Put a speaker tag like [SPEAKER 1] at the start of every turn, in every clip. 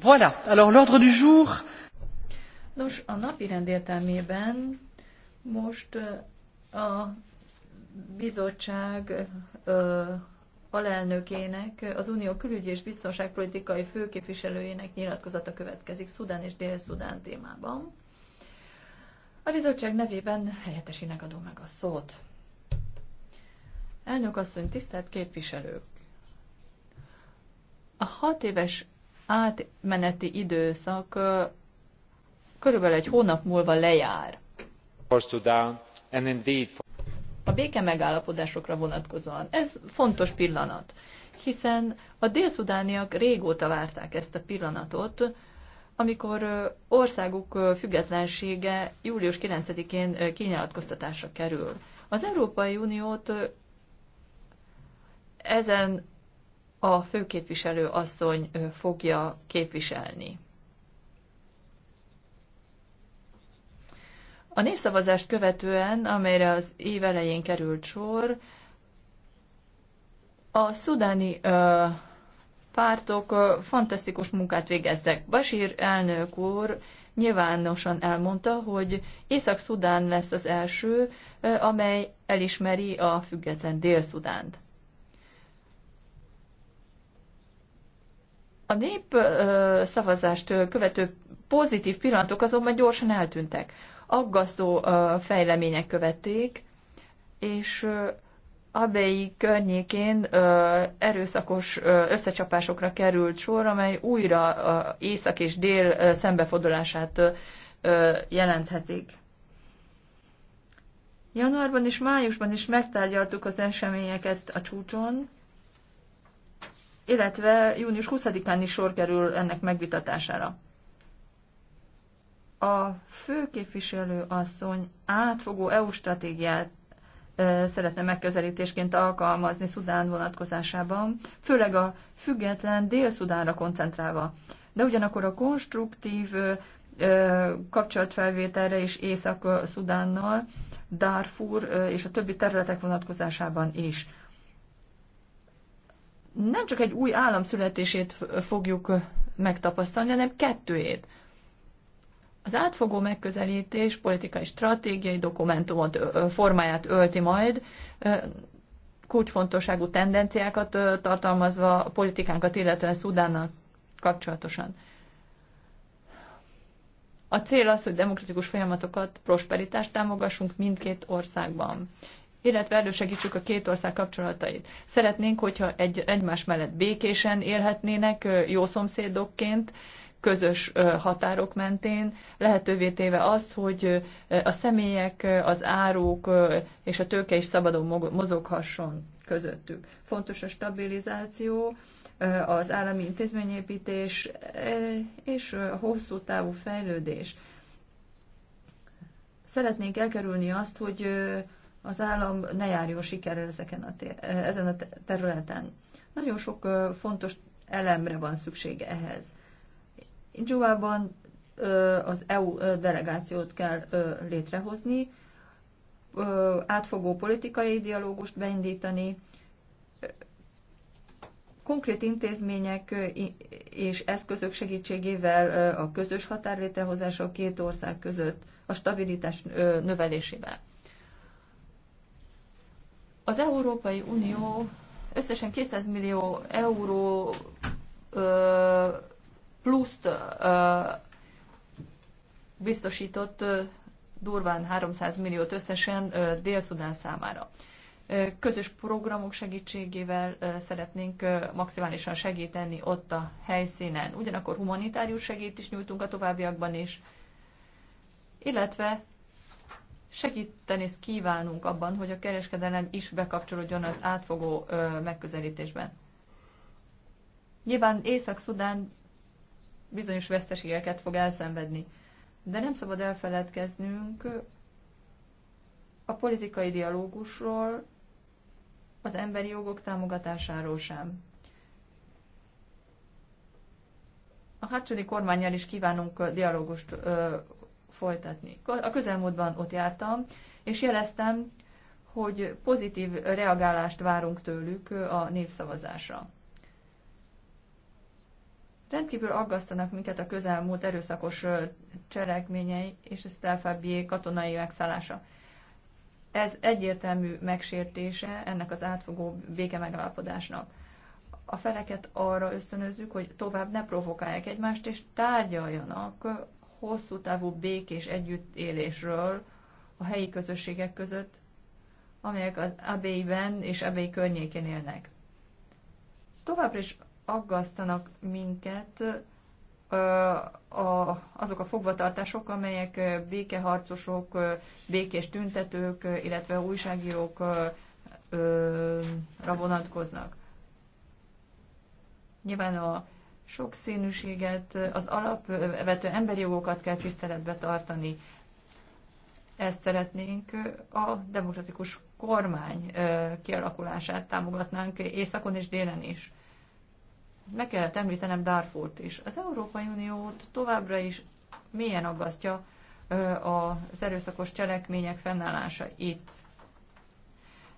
[SPEAKER 1] Voilà. Alors l'ordre du jour. Nos, a napi rend most a bizottság alelnökének, az Unió külügyi és biztonságpolitikai főképviselőjének nyilatkozata következik Szudán és Dél-Szudán témában. A bizottság nevében helyettesének adom meg a szót. Elnök asszony, tisztelt képviselők! A hat éves átmeneti időszak körülbelül egy hónap múlva lejár. A béke megállapodásokra vonatkozóan ez fontos pillanat, hiszen a délszudániak régóta várták ezt a pillanatot, amikor országuk függetlensége július 9-én kinyilatkoztatásra kerül. Az Európai Uniót ezen a főképviselő asszony fogja képviselni. A népszavazást követően, amelyre az év elején került sor, a szudáni ö, pártok ö, fantasztikus munkát végeztek. Basír elnök úr nyilvánosan elmondta, hogy Észak-Szudán lesz az első, ö, amely elismeri a független Dél-Szudánt. A nép szavazást követő pozitív pillanatok azonban gyorsan eltűntek. Aggasztó fejlemények követték, és Abei környékén ö, erőszakos ö, összecsapásokra került sor, amely újra ö, észak és dél ö, szembefordulását ö, jelenthetik. Januárban és májusban is megtárgyaltuk az eseményeket a csúcson, illetve június 20-án is sor kerül ennek megvitatására. A főképviselő asszony átfogó EU stratégiát szeretne megközelítésként alkalmazni Szudán vonatkozásában, főleg a független Dél-Szudánra koncentrálva. De ugyanakkor a konstruktív kapcsolatfelvételre is Észak-Szudánnal, Darfur és a többi területek vonatkozásában is nem csak egy új állam születését fogjuk megtapasztalni, hanem kettőjét. Az átfogó megközelítés politikai stratégiai dokumentumot, formáját ölti majd, kulcsfontosságú tendenciákat tartalmazva a politikánkat, illetően Szudánnal kapcsolatosan. A cél az, hogy demokratikus folyamatokat, prosperitást támogassunk mindkét országban illetve elősegítsük a két ország kapcsolatait. Szeretnénk, hogyha egy, egymás mellett békésen élhetnének, jó szomszédokként, közös határok mentén, lehetővé téve azt, hogy a személyek, az áruk és a tőke is szabadon mozoghasson közöttük. Fontos a stabilizáció, az állami intézményépítés és a hosszú távú fejlődés. Szeretnénk elkerülni azt, hogy az állam ne járjon sikerrel ezeken a eh, ezen a területen. Nagyon sok fontos elemre van szüksége ehhez. Dzsúvában az EU delegációt kell létrehozni, átfogó politikai dialógust beindítani, konkrét intézmények és eszközök segítségével a közös határ létrehozása a két ország között, a stabilitás növelésével. Az Európai Unió összesen 200 millió euró ö, pluszt ö, biztosított ö, durván 300 milliót összesen Dél-Szudán számára. Közös programok segítségével szeretnénk maximálisan segíteni ott a helyszínen. Ugyanakkor humanitárius segít is nyújtunk a továbbiakban is, illetve segíteni kívánunk abban, hogy a kereskedelem is bekapcsolódjon az átfogó megközelítésben. Nyilván Észak-Szudán bizonyos veszteségeket fog elszenvedni, de nem szabad elfeledkeznünk a politikai dialógusról, az emberi jogok támogatásáról sem. A hátsódi kormányjal is kívánunk dialógust folytatni. A közelmúltban ott jártam, és jeleztem, hogy pozitív reagálást várunk tőlük a népszavazásra. Rendkívül aggasztanak minket a közelmúlt erőszakos cselekményei és a Stelfabié katonai megszállása. Ez egyértelmű megsértése ennek az átfogó béke megállapodásnak. A feleket arra ösztönözzük, hogy tovább ne provokálják egymást, és tárgyaljanak hosszú távú békés együttélésről a helyi közösségek között, amelyek az Abéiben és Abéi környékén élnek. Továbbra is aggasztanak minket a, azok a fogvatartások, amelyek békeharcosok, békés tüntetők, illetve újságírókra vonatkoznak. Nyilván a sok színűséget, az alapvető emberi jogokat kell tiszteletbe tartani. Ezt szeretnénk a demokratikus kormány kialakulását támogatnánk északon és délen is. Meg kellett említenem Darfurt is. Az Európai Uniót továbbra is mélyen aggasztja az erőszakos cselekmények fennállása itt.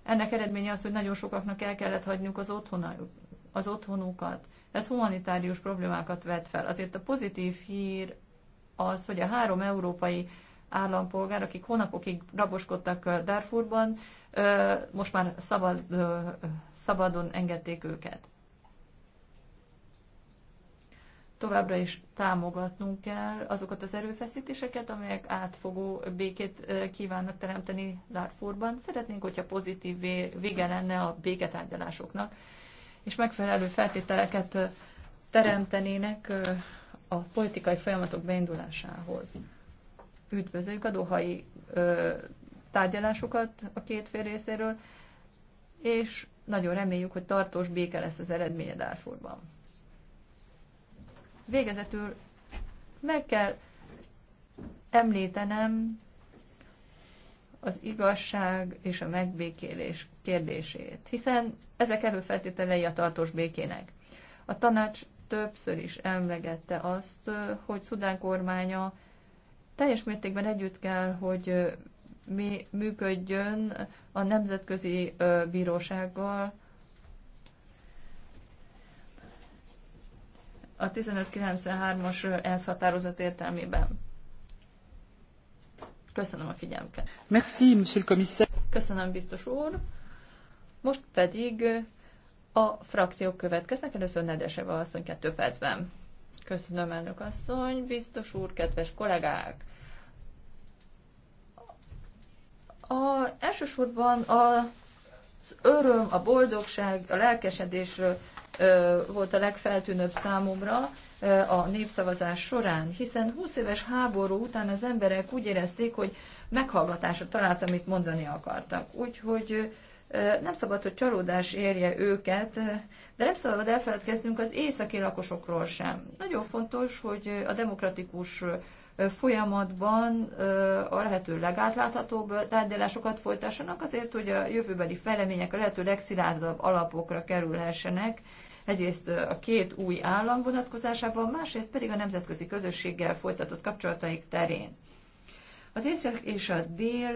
[SPEAKER 1] Ennek eredménye az, hogy nagyon sokaknak el kellett hagyniuk az, otthona, az otthonukat ez humanitárius problémákat vet fel. Azért a pozitív hír az, hogy a három európai állampolgár, akik hónapokig raboskodtak Darfurban, most már szabad, szabadon engedték őket. Továbbra is támogatnunk kell azokat az erőfeszítéseket, amelyek átfogó békét kívánnak teremteni Darfurban. Szeretnénk, hogyha pozitív vége lenne a béketárgyalásoknak és megfelelő feltételeket teremtenének a politikai folyamatok beindulásához. Üdvözöljük a dohai tárgyalásokat a két fél részéről, és nagyon reméljük, hogy tartós béke lesz az eredménye Darfurban. Végezetül meg kell említenem az igazság és a megbékélés kérdését, hiszen ezek előfeltételei a tartós békének. A tanács többször is emlegette azt, hogy Szudán kormánya teljes mértékben együtt kell, hogy mi működjön a nemzetközi bírósággal, a 1593-as ENSZ határozat értelmében. Köszönöm a figyelmüket.
[SPEAKER 2] Merci, monsieur le commissaire.
[SPEAKER 1] Köszönöm, biztos úr. Most pedig a frakciók következnek. Először Nedeseva asszony kettő percben. Köszönöm, elnök asszony, biztos úr, kedves kollégák! A, elsősorban a, az öröm, a boldogság, a lelkesedés volt a legfeltűnőbb számomra a népszavazás során, hiszen 20 éves háború után az emberek úgy érezték, hogy meghallgatásra talált, amit mondani akartak. Úgyhogy nem szabad, hogy csalódás érje őket, de nem szabad elfeledkeznünk az északi lakosokról sem. Nagyon fontos, hogy a demokratikus folyamatban a lehető legátláthatóbb tárgyalásokat folytassanak azért, hogy a jövőbeli fejlemények a lehető legszilárdabb alapokra kerülhessenek, egyrészt a két új állam vonatkozásában, másrészt pedig a nemzetközi közösséggel folytatott kapcsolataik terén. Az észak és a dél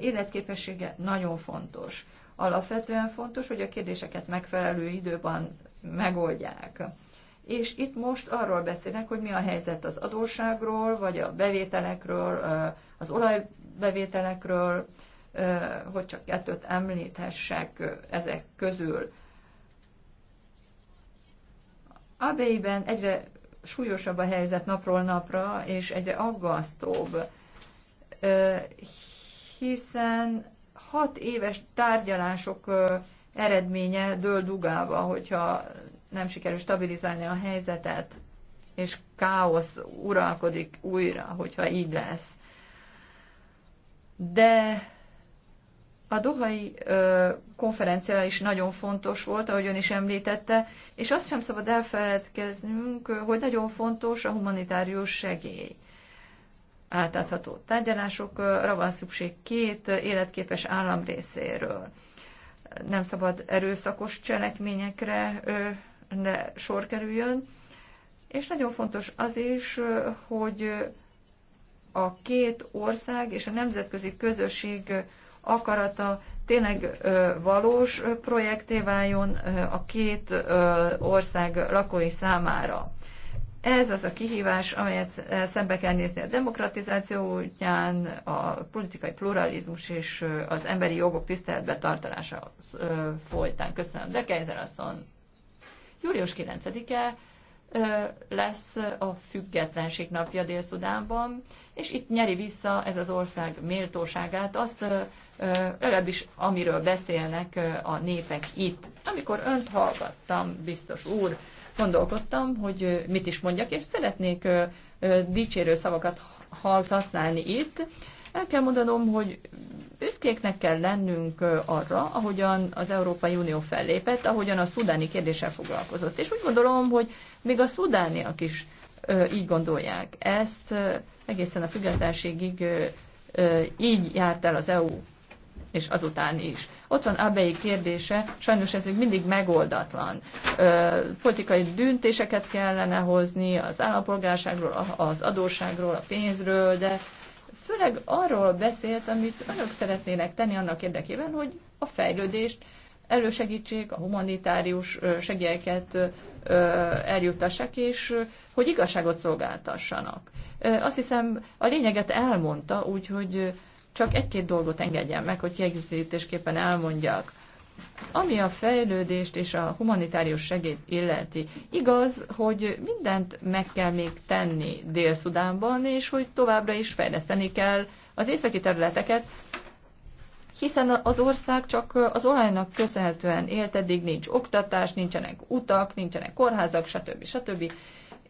[SPEAKER 1] életképessége nagyon fontos. Alapvetően fontos, hogy a kérdéseket megfelelő időben megoldják. És itt most arról beszélek, hogy mi a helyzet az adósságról, vagy a bevételekről, az olajbevételekről, hogy csak kettőt említhessek ezek közül. Abeiben egyre súlyosabb a helyzet napról napra, és egyre aggasztóbb, hiszen hat éves tárgyalások eredménye dől dugába, hogyha nem sikerül stabilizálni a helyzetet, és káosz uralkodik újra, hogyha így lesz. De a dohai ö, konferencia is nagyon fontos volt, ahogy ön is említette, és azt sem szabad elfeledkeznünk, hogy nagyon fontos a humanitárius segély. Átadható tárgyalásokra van szükség két életképes állam részéről. Nem szabad erőszakos cselekményekre ö, ne sor kerüljön, és nagyon fontos az is, hogy a két ország és a nemzetközi közösség akarata tényleg valós projekté váljon a két ország lakói számára. Ez az a kihívás, amelyet szembe kell nézni a demokratizáció útján, a politikai pluralizmus és az emberi jogok tiszteletbe tartalása folytán. Köszönöm. De Kejzer asszony, július 9-e lesz a függetlenség napja Dél-Szudánban, és itt nyeri vissza ez az ország méltóságát, azt legalábbis amiről beszélnek a népek itt. Amikor önt hallgattam, biztos úr, gondolkodtam, hogy mit is mondjak, és szeretnék dicsérő szavakat használni itt. El kell mondanom, hogy büszkéknek kell lennünk arra, ahogyan az Európai Unió fellépett, ahogyan a szudáni kérdéssel foglalkozott. És úgy gondolom, hogy még a szudániak is így gondolják. Ezt egészen a függetlenségig így járt el az EU és azután is. Ott van Abei kérdése, sajnos ez még mindig megoldatlan. Ö, politikai döntéseket kellene hozni az állampolgárságról, az adósságról, a pénzről, de főleg arról beszélt, amit önök szeretnének tenni annak érdekében, hogy a fejlődést elősegítsék, a humanitárius segélyeket eljuttassák, és hogy igazságot szolgáltassanak. Azt hiszem, a lényeget elmondta, úgyhogy csak egy-két dolgot engedjen meg, hogy kiegészítésképpen elmondjak. Ami a fejlődést és a humanitárius segélyt illeti, igaz, hogy mindent meg kell még tenni Dél-Szudánban, és hogy továbbra is fejleszteni kell az északi területeket, hiszen az ország csak az olajnak köszönhetően élt, eddig nincs oktatás, nincsenek utak, nincsenek kórházak, stb. stb. stb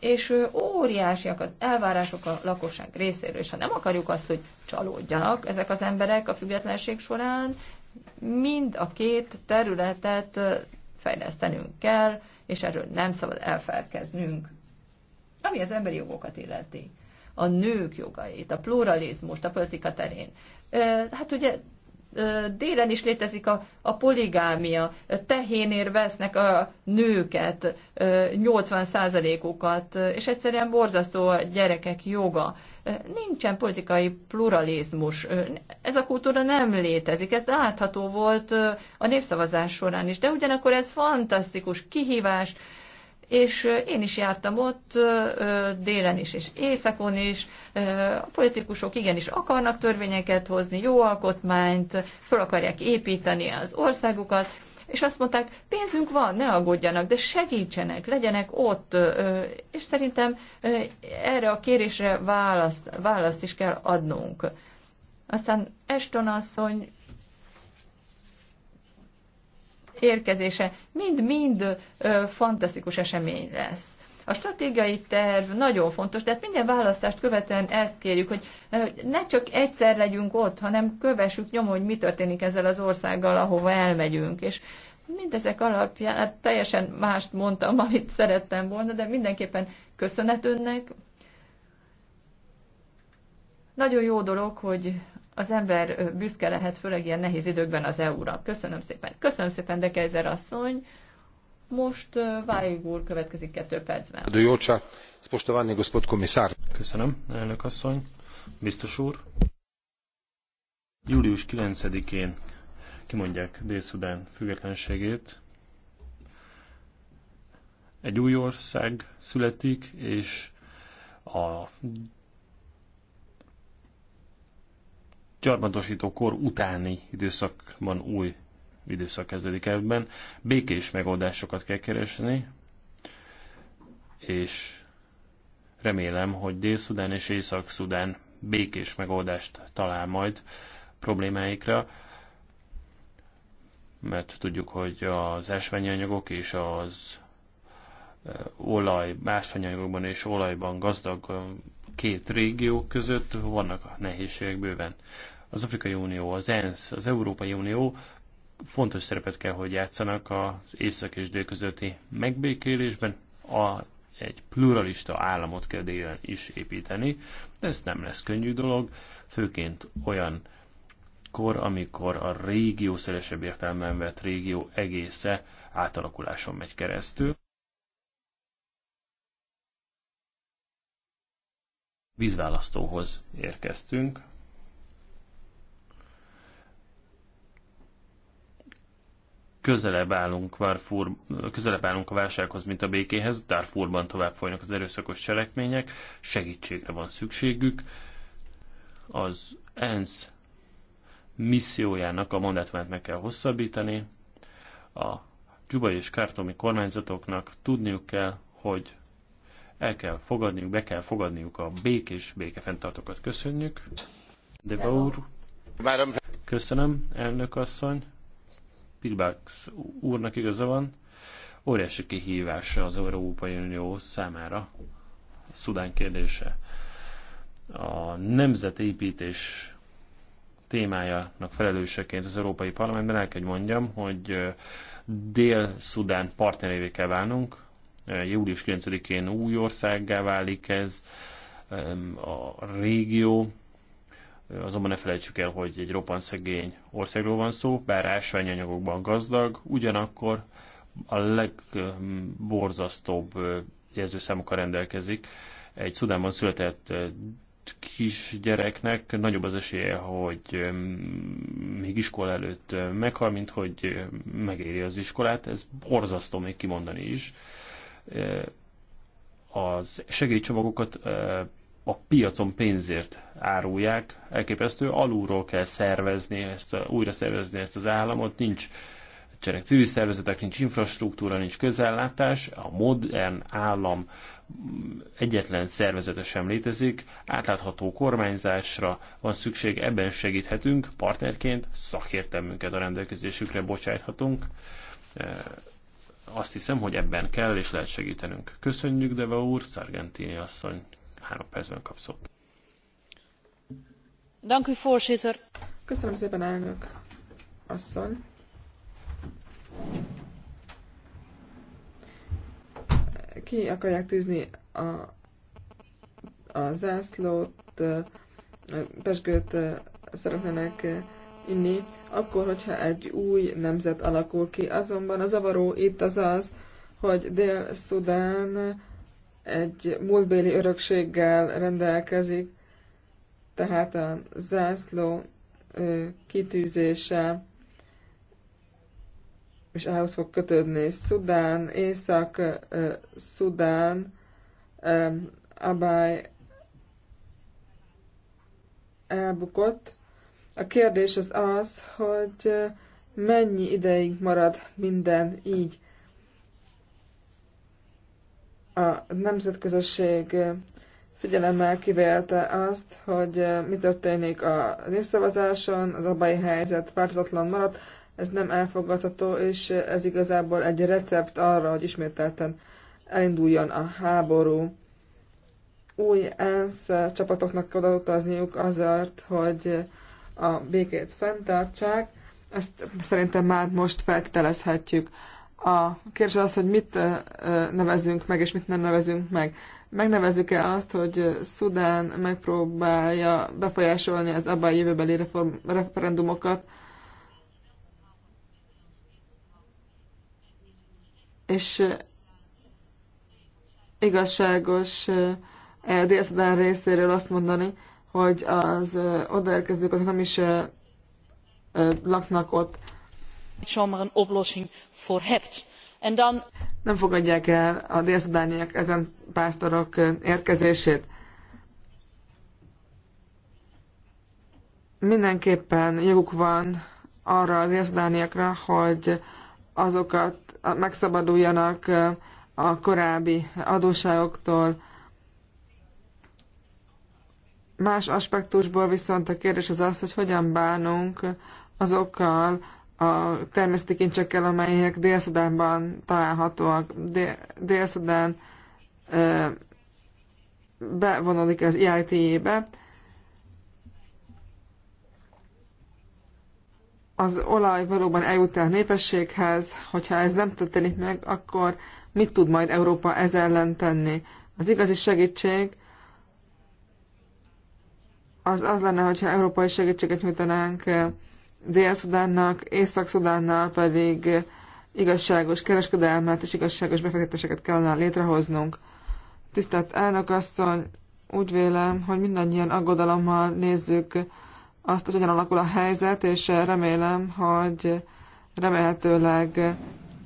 [SPEAKER 1] és óriásiak az elvárások a lakosság részéről, és ha nem akarjuk azt, hogy csalódjanak ezek az emberek a függetlenség során, mind a két területet fejlesztenünk kell, és erről nem szabad elfelkeznünk. Ami az emberi jogokat illeti, a nők jogait, a pluralizmust a politika terén. Hát ugye délen is létezik a, a poligámia. Tehénér vesznek a nőket, 80%-ukat, és egyszerűen borzasztó a gyerekek joga. Nincsen politikai pluralizmus. Ez a kultúra nem létezik. Ez látható volt a népszavazás során is. De ugyanakkor ez fantasztikus kihívás, és én is jártam ott délen is és éjszakon is. A politikusok igenis akarnak törvényeket hozni, jó alkotmányt, föl akarják építeni az országukat, és azt mondták, pénzünk van, ne aggódjanak, de segítsenek, legyenek ott, és szerintem erre a kérésre választ, választ is kell adnunk. Aztán Eston asszony érkezése mind-mind fantasztikus esemény lesz. A stratégiai terv nagyon fontos, tehát minden választást követően ezt kérjük, hogy ne csak egyszer legyünk ott, hanem kövessük nyomon, hogy mi történik ezzel az országgal, ahova elmegyünk. És mindezek alapján, hát teljesen mást mondtam, amit szerettem volna, de mindenképpen köszönet önnek. Nagyon jó dolog, hogy az ember büszke lehet, főleg ilyen nehéz időkben az EU-ra. Köszönöm szépen. Köszönöm szépen, de Kejzer asszony. Most Váig úr következik kettő percben.
[SPEAKER 3] De Jócsa, gospod komisár. Köszönöm, elnök asszony. Biztos úr. Július 9-én kimondják Dél-Szudán függetlenségét. Egy új ország születik, és a gyarmatosító kor utáni időszakban új időszak kezdődik ebben. Békés megoldásokat kell keresni, és remélem, hogy Dél-Szudán és Észak-Szudán békés megoldást talál majd problémáikra, mert tudjuk, hogy az ásványi anyagok és az olaj, ásványanyagokban és olajban gazdag két régió között vannak a nehézségek bőven az Afrikai Unió, az ENSZ, az Európai Unió fontos szerepet kell, hogy játszanak az észak és dél közötti megbékélésben, a, egy pluralista államot kell délen is építeni, de ez nem lesz könnyű dolog, főként olyan kor, amikor a régió szélesebb értelmen vett régió egésze átalakuláson megy keresztül. Vízválasztóhoz érkeztünk, közelebb állunk, Varfur, közelebb állunk a válsághoz, mint a békéhez. Darfurban tovább folynak az erőszakos cselekmények, segítségre van szükségük. Az ENSZ missziójának a mandátumát meg kell hosszabbítani. A dzsubai és kártomi kormányzatoknak tudniuk kell, hogy el kell fogadniuk, be kell fogadniuk a békés békefenntartókat. Köszönjük. De Baur. Köszönöm, elnök asszony. Pilbax úrnak igaza van, óriási kihívás az Európai Unió számára Szudán kérdése. A nemzetépítés témájának felelőseként az Európai Parlamentben el kell, hogy mondjam, hogy Dél-Szudán partnerévé kell válnunk. Július 9-én új országgá válik ez a régió, Azonban ne felejtsük el, hogy egy roppant szegény országról van szó, bár ásványanyagokban gazdag, ugyanakkor a legborzasztóbb jelzőszámokkal rendelkezik. Egy Szudánban született kisgyereknek nagyobb az esélye, hogy még iskola előtt meghal, mint hogy megéri az iskolát. Ez borzasztó még kimondani is. Az segélycsomagokat a piacon pénzért árulják, elképesztő, alulról kell szervezni, ezt, újra szervezni ezt az államot, nincs cserek civil szervezetek, nincs infrastruktúra, nincs közellátás, a modern állam egyetlen szervezete sem létezik, átlátható kormányzásra van szükség, ebben segíthetünk, partnerként szakértelmünket a rendelkezésükre bocsájthatunk. E, azt hiszem, hogy ebben kell és lehet segítenünk. Köszönjük, Deva úr, Szargentini asszony Három percben kap szót.
[SPEAKER 2] Köszönöm szépen, elnök asszony. Ki akarják tűzni a, a zászlót, pesgőt szeretnének inni, akkor, hogyha egy új nemzet alakul ki. Azonban a zavaró itt az az, hogy Dél-Szudán egy múltbéli örökséggel rendelkezik, tehát a zászló kitűzése és ahhoz fog kötődni Szudán, Észak-Szudán, Abály elbukott. A kérdés az az, hogy mennyi ideig marad minden így a nemzetközösség figyelemmel kivélte azt, hogy mi történik a népszavazáson, az abai helyzet változatlan maradt, ez nem elfogadható, és ez igazából egy recept arra, hogy ismételten elinduljon a háború. Új ENSZ csapatoknak kell utazniuk azért, hogy a békét fenntartsák, ezt szerintem már most feltételezhetjük. A kérdés az, hogy mit nevezünk meg, és mit nem nevezünk meg. Megnevezzük-e azt, hogy Szudán megpróbálja befolyásolni az abban jövőbeli reform, referendumokat, és igazságos e Dél-Szudán részéről azt mondani, hogy az odaérkezők azok nem is laknak ott niet zomaar een oplossing voor hebt. En dan... Nem fogadják el a délszudániak ezen pásztorok érkezését. Mindenképpen joguk van arra az délszudániakra, hogy azokat megszabaduljanak a korábbi adóságoktól. Más aspektusból viszont a kérdés az az, hogy hogyan bánunk azokkal, a természeti kincsekkel, amelyek dél találhatóak. Dél-Szudán bevonodik az e IIT-be. Az olaj valóban eljut el népességhez, hogyha ez nem történik meg, akkor mit tud majd Európa ez ellen tenni? Az igazi segítség az az lenne, hogyha európai segítséget nyújtanánk Dél-Szudánnak, Észak-Szudánnal pedig igazságos kereskedelmet és igazságos befektetéseket kellene létrehoznunk. Tisztelt elnök asszony, úgy vélem, hogy mindannyian aggodalommal nézzük azt, hogy hogyan alakul a helyzet, és remélem, hogy remélhetőleg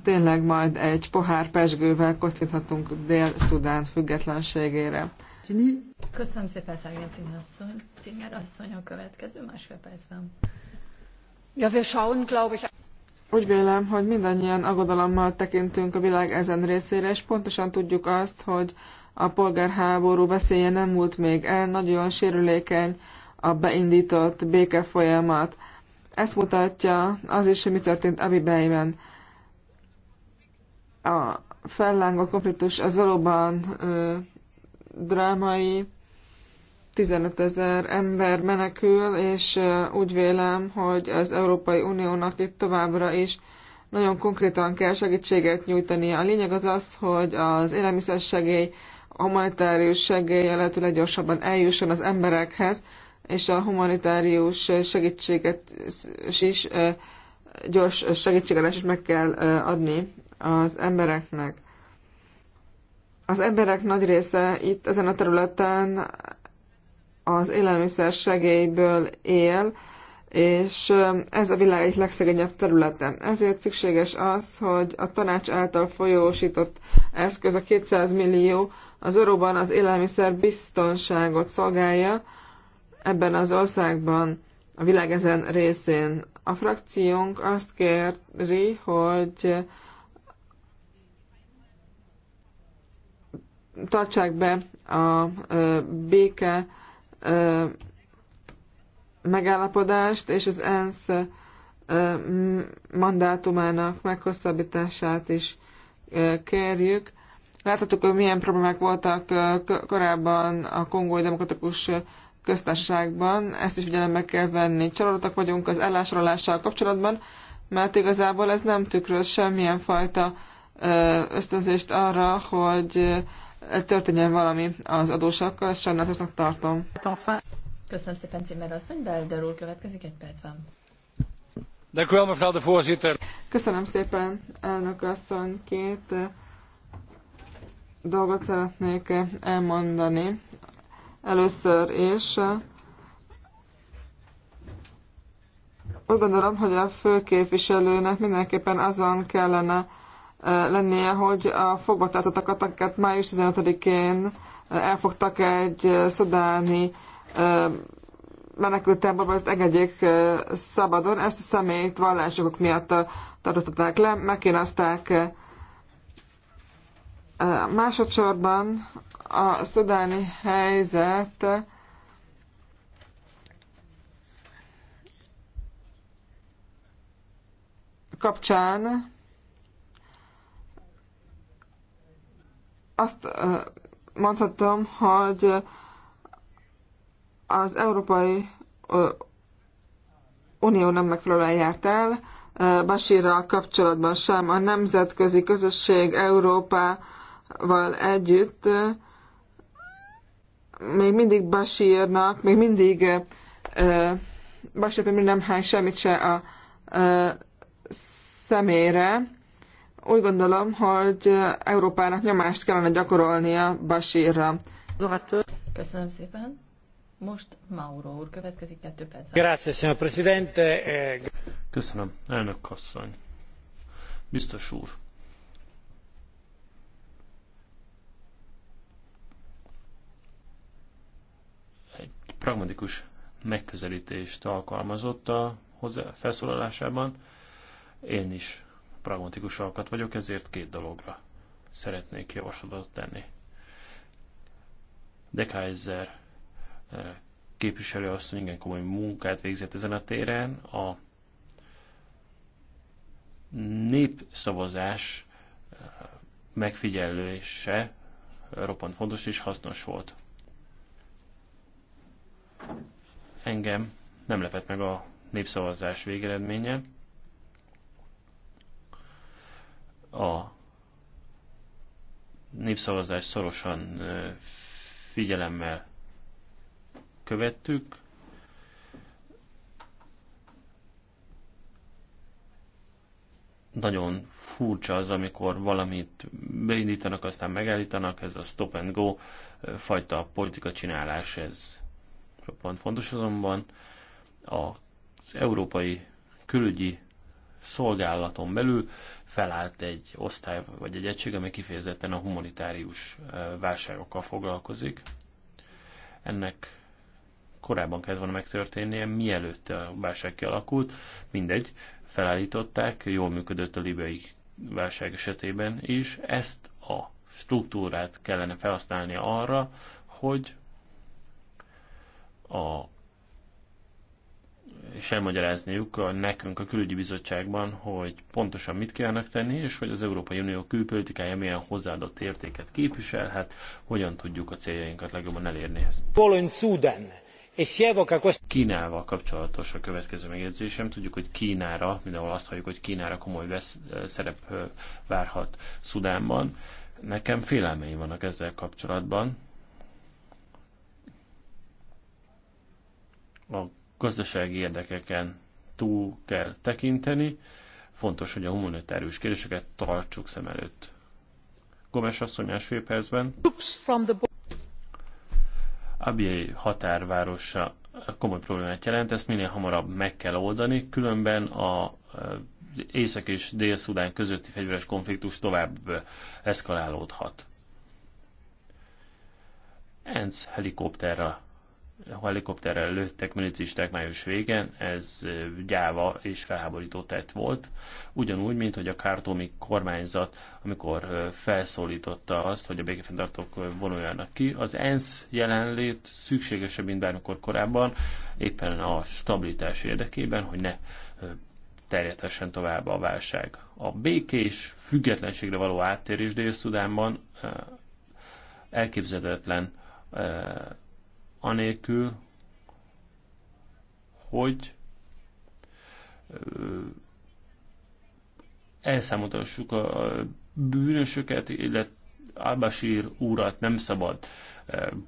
[SPEAKER 2] tényleg majd egy pohár pesgővel kocinthatunk Dél-Szudán függetlenségére.
[SPEAKER 1] Köszönöm szépen, Szágnyi Asszony. Cinger asszony a következő másfél percben.
[SPEAKER 2] Úgy vélem, hogy mindannyian aggodalommal tekintünk a világ ezen részére, és pontosan tudjuk azt, hogy a polgárháború veszélye nem múlt még el, nagyon sérülékeny a beindított békefolyamat. Ezt mutatja az is, hogy mi történt Abibeiben. A fellángó konfliktus az valóban ö, drámai, 15 ezer ember menekül, és úgy vélem, hogy az Európai Uniónak itt továbbra is nagyon konkrétan kell segítséget nyújtani. A lényeg az az, hogy az élelmiszersegély, a humanitárius segély lehetőleg lehető leggyorsabban eljusson az emberekhez, és a humanitárius segítséget is, gyors segítséget is meg kell adni az embereknek. Az emberek nagy része itt ezen a területen az élelmiszer segélyből él, és ez a világ egyik legszegényebb területe. Ezért szükséges az, hogy a tanács által folyósított eszköz, a 200 millió, az euróban az élelmiszer biztonságot szolgálja ebben az országban, a világ ezen részén. A frakciónk azt kéri, hogy tartsák be a béke megállapodást és az ENSZ mandátumának meghosszabbítását is kérjük. Láthatok, hogy milyen problémák voltak korábban a Kongói Demokratikus Köztársaságban, ezt is figyelembe kell venni. Csalódottak vagyunk az ellásorolással kapcsolatban, mert igazából ez nem tükröz semmilyen fajta ösztönzést arra, hogy történjen valami az adósakkal, ezt sajnálatosnak tartom.
[SPEAKER 1] Köszönöm szépen, Cimmer asszony. Belder úr következik, egy perc van.
[SPEAKER 3] De u mevrouw de voorzitter.
[SPEAKER 1] Köszönöm
[SPEAKER 2] szépen, elnök asszony. Két eh, dolgot szeretnék eh, elmondani. Először is eh, úgy gondolom, hogy a főképviselőnek mindenképpen azon kellene lennie, hogy a fogvatartottakat, akiket május 15-én elfogtak egy szudáni menekültáborba, vagy engedjék szabadon. Ezt a személyt vallásokok miatt tartóztatták le, megkérdezták másodszorban a szudáni helyzet kapcsán azt mondhatom, hogy az Európai Unió nem megfelelően járt el, Basírral kapcsolatban sem a nemzetközi közösség Európával együtt még mindig Basírnak, még mindig Basír nem hány semmit se a szemére. Úgy gondolom, hogy Európának nyomást kellene gyakorolnia Basírra. Köszönöm szépen.
[SPEAKER 1] Most Mauro úr következik kettő
[SPEAKER 3] percben. Grazie, signor Presidente. Köszönöm, elnök asszony. Biztos úr. Egy pragmatikus megközelítést alkalmazott a hozzá felszólalásában. Én is pragmatikus alkat vagyok, ezért két dologra szeretnék javaslatot tenni. De Kaiser eh, képviselő hogy igen komoly munkát végzett ezen a téren. A népszavazás eh, megfigyelése roppant fontos és hasznos volt. Engem nem lepett meg a népszavazás végeredménye. a népszavazást szorosan figyelemmel követtük. Nagyon furcsa az, amikor valamit beindítanak, aztán megállítanak, ez a stop and go fajta politika csinálás, ez roppant fontos azonban. Az európai külügyi szolgálaton belül felállt egy osztály vagy egy egység, amely kifejezetten a humanitárius válságokkal foglalkozik. Ennek korábban kellett volna megtörténnie, mielőtt a válság kialakult, mindegy, felállították, jól működött a libai válság esetében is, ezt a struktúrát kellene felhasználni arra, hogy a és elmagyarázniuk a, nekünk a külügyi bizottságban, hogy pontosan mit kellnek tenni, és hogy az Európai Unió külpolitikája milyen hozzáadott értéket képviselhet, hogyan tudjuk a céljainkat legjobban elérni ezt. Kínával kapcsolatos a következő megjegyzésem. Tudjuk, hogy Kínára, mindenhol azt halljuk, hogy Kínára komoly vesz, szerep várhat Szudánban. Nekem félelmeim vannak ezzel kapcsolatban. A gazdasági érdekeken túl kell tekinteni, fontos, hogy a humanitárius kérdéseket tartsuk szem előtt. Gomes asszony másfél percben. Abiei határvárosa komoly problémát jelent, ezt minél hamarabb meg kell oldani, különben a eh, Észak és Dél-Szudán közötti fegyveres konfliktus tovább eh, eszkalálódhat. ENSZ helikopterra helikopterrel lőttek milicisták május végén, ez gyáva és felháborító tett volt. Ugyanúgy, mint hogy a kártómi kormányzat, amikor felszólította azt, hogy a békefenntartók vonuljanak ki, az ENSZ jelenlét szükségesebb, mint bármikor korábban, éppen a stabilitás érdekében, hogy ne terjedhessen tovább a válság. A békés függetlenségre való áttérés Dél-Szudánban elképzelhetetlen anélkül, hogy elszámoltassuk a bűnösöket, illetve Albasír úrat nem szabad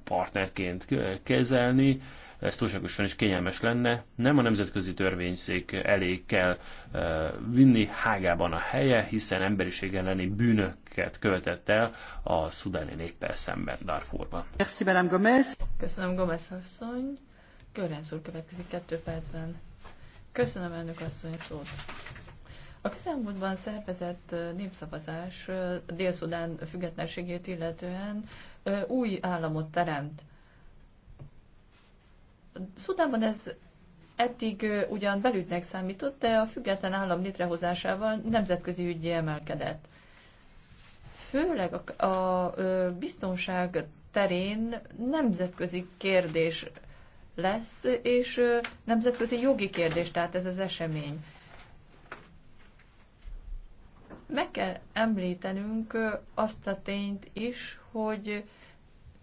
[SPEAKER 3] partnerként kezelni, ez túlságosan is kényelmes lenne. Nem a nemzetközi törvényszék elé kell eh, vinni hágában a helye, hiszen emberiség elleni bűnöket követett el a szudáni néppel szemben Darfurban.
[SPEAKER 1] Köszönöm, Gomez. Köszönöm, Gomez asszony. Görenc úr következik kettő percben. Köszönöm, elnök asszony szót. A közelmúltban szervezett eh, népszavazás eh, Dél-Szudán függetlenségét illetően új államot teremt. Szudánban ez eddig ugyan belügynek számított, de a független állam létrehozásával nemzetközi ügyi emelkedett. Főleg a, a biztonság terén nemzetközi kérdés lesz, és nemzetközi jogi kérdés, tehát ez az esemény. Meg kell említenünk azt a tényt is, hogy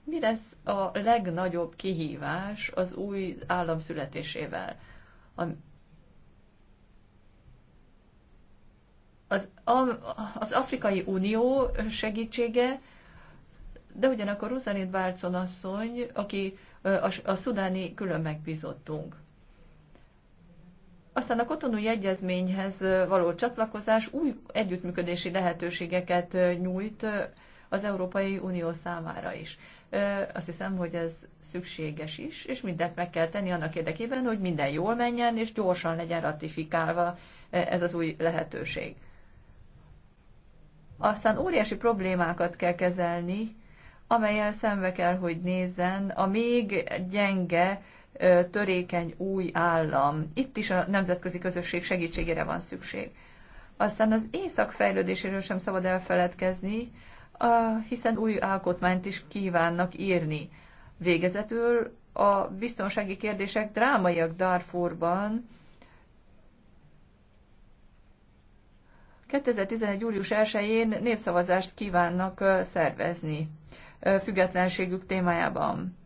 [SPEAKER 1] mi lesz a legnagyobb kihívás az új állam születésével? A, az, a, az Afrikai Unió segítsége, de ugyanakkor Rosalind Bárcon asszony, aki a, a szudáni külön megbízottunk. Aztán a kotonúi egyezményhez való csatlakozás új együttműködési lehetőségeket nyújt az Európai Unió számára is azt hiszem, hogy ez szükséges is, és mindent meg kell tenni annak érdekében, hogy minden jól menjen, és gyorsan legyen ratifikálva ez az új lehetőség. Aztán óriási problémákat kell kezelni, amelyel szembe kell, hogy nézzen a még gyenge, törékeny új állam. Itt is a nemzetközi közösség segítségére van szükség. Aztán az észak fejlődéséről sem szabad elfeledkezni, hiszen új alkotmányt is kívánnak írni. Végezetül a biztonsági kérdések drámaiak Darfurban. 2011. július 1-én népszavazást kívánnak szervezni függetlenségük témájában.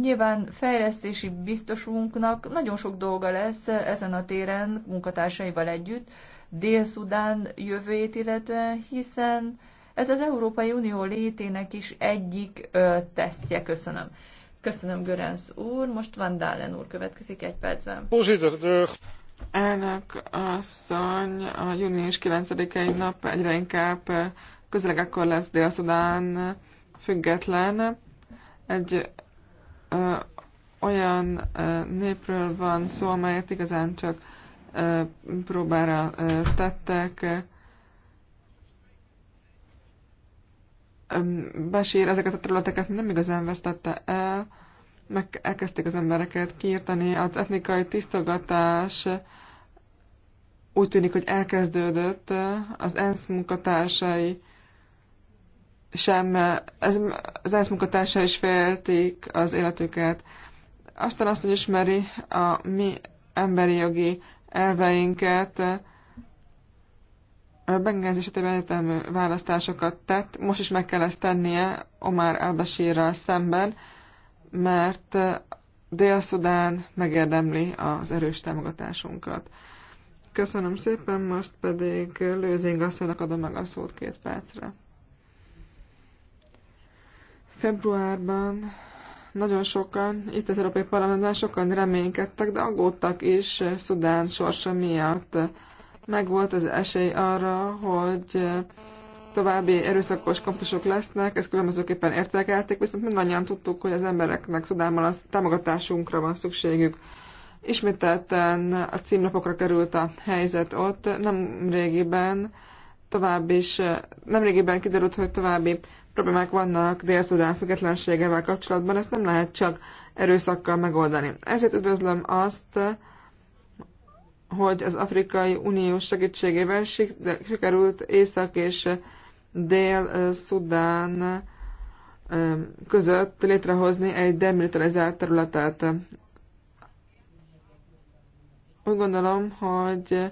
[SPEAKER 1] Nyilván fejlesztési biztosunknak nagyon sok dolga lesz ezen a téren munkatársaival együtt, Dél-Szudán jövőjét illetően, hiszen ez az Európai Unió létének is egyik ö, tesztje. Köszönöm. Köszönöm, Görenc úr. Most Van Dalen úr következik egy percben.
[SPEAKER 2] Elnök asszony, a június 9-i nap egyre inkább közeleg akkor lesz Dél-Szudán független. Egy ö, olyan ö, népről van szó, amelyet igazán csak ö, próbára ö, tettek. Besír ezeket a területeket nem igazán vesztette el, meg elkezdték az embereket kiirtani. Az etnikai tisztogatás úgy tűnik, hogy elkezdődött. Az ENSZ munkatársai sem, ez, az ENSZ munkatársa is féltik az életüket. Aztán azt, hogy ismeri a mi emberi jogi elveinket, Bengáz esetében értelmű választásokat tett, most is meg kell ezt tennie Omar al szemben, mert Dél-Szudán megérdemli az erős támogatásunkat. Köszönöm szépen, most pedig Lőzing asszonynak adom meg a szót két percre. Februárban nagyon sokan, itt az Európai Parlamentben sokan reménykedtek, de aggódtak is Szudán sorsa miatt megvolt az esély arra, hogy további erőszakos konfliktusok lesznek, ezt különbözőképpen értékelték, viszont mindannyian tudtuk, hogy az embereknek tudámmal az támogatásunkra van szükségük. Ismételten a címlapokra került a helyzet ott, nem régiben tovább is, nem régiben kiderült, hogy további problémák vannak Dél-Szudán függetlenségevel kapcsolatban, ezt nem lehet csak erőszakkal megoldani. Ezért üdvözlöm azt, hogy az Afrikai Unió segítségével sikerült Észak és Dél-Szudán között létrehozni egy demilitarizált területet. Úgy gondolom, hogy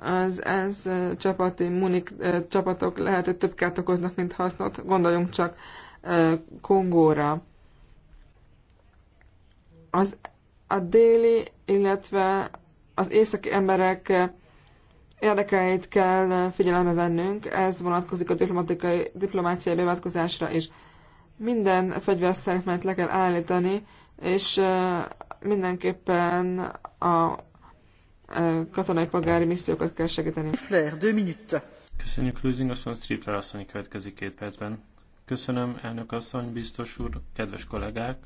[SPEAKER 2] az ENSZ csapati munik csapatok lehet, hogy több kárt okoznak, mint hasznot. Gondoljunk csak Kongóra. Az a déli, illetve az északi emberek érdekeit kell figyelembe vennünk, ez vonatkozik a diplomatikai, diplomáciai beavatkozásra is. Minden fegyverszerekmet le kell állítani, és mindenképpen a katonai polgári missziókat kell
[SPEAKER 3] segíteni. Flair, deux minutes. Köszönjük, Lőzing asszony, Stripler asszony következik két percben. Köszönöm, elnök asszony, biztos úr, kedves kollégák!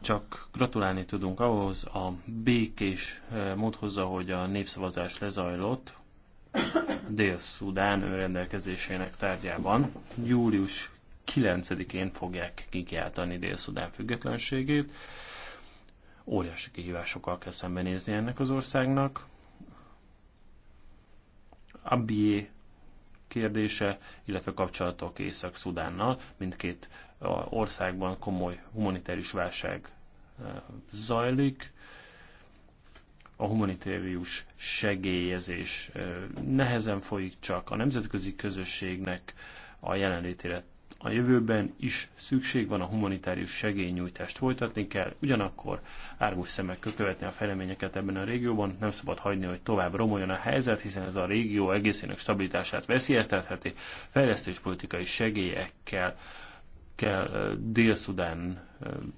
[SPEAKER 3] csak gratulálni tudunk ahhoz a békés eh, módhoz, ahogy a népszavazás lezajlott Dél-Szudán önrendelkezésének tárgyában. Július 9-én fogják kikiáltani Dél-Szudán függetlenségét. Óriási kihívásokkal kell szembenézni ennek az országnak. Abié kérdése, illetve kapcsolatok Észak-Szudánnal mindkét országban komoly humanitárius válság zajlik. A humanitárius segélyezés nehezen folyik csak. A nemzetközi közösségnek a jelenlétére a jövőben is szükség van a humanitárius segélynyújtást folytatni kell, ugyanakkor árgus szemek követni a fejleményeket ebben a régióban, nem szabad hagyni, hogy tovább romoljon a helyzet, hiszen ez a régió egészének stabilitását veszélyeztetheti, fejlesztéspolitikai segélyekkel kell Dél-Szudán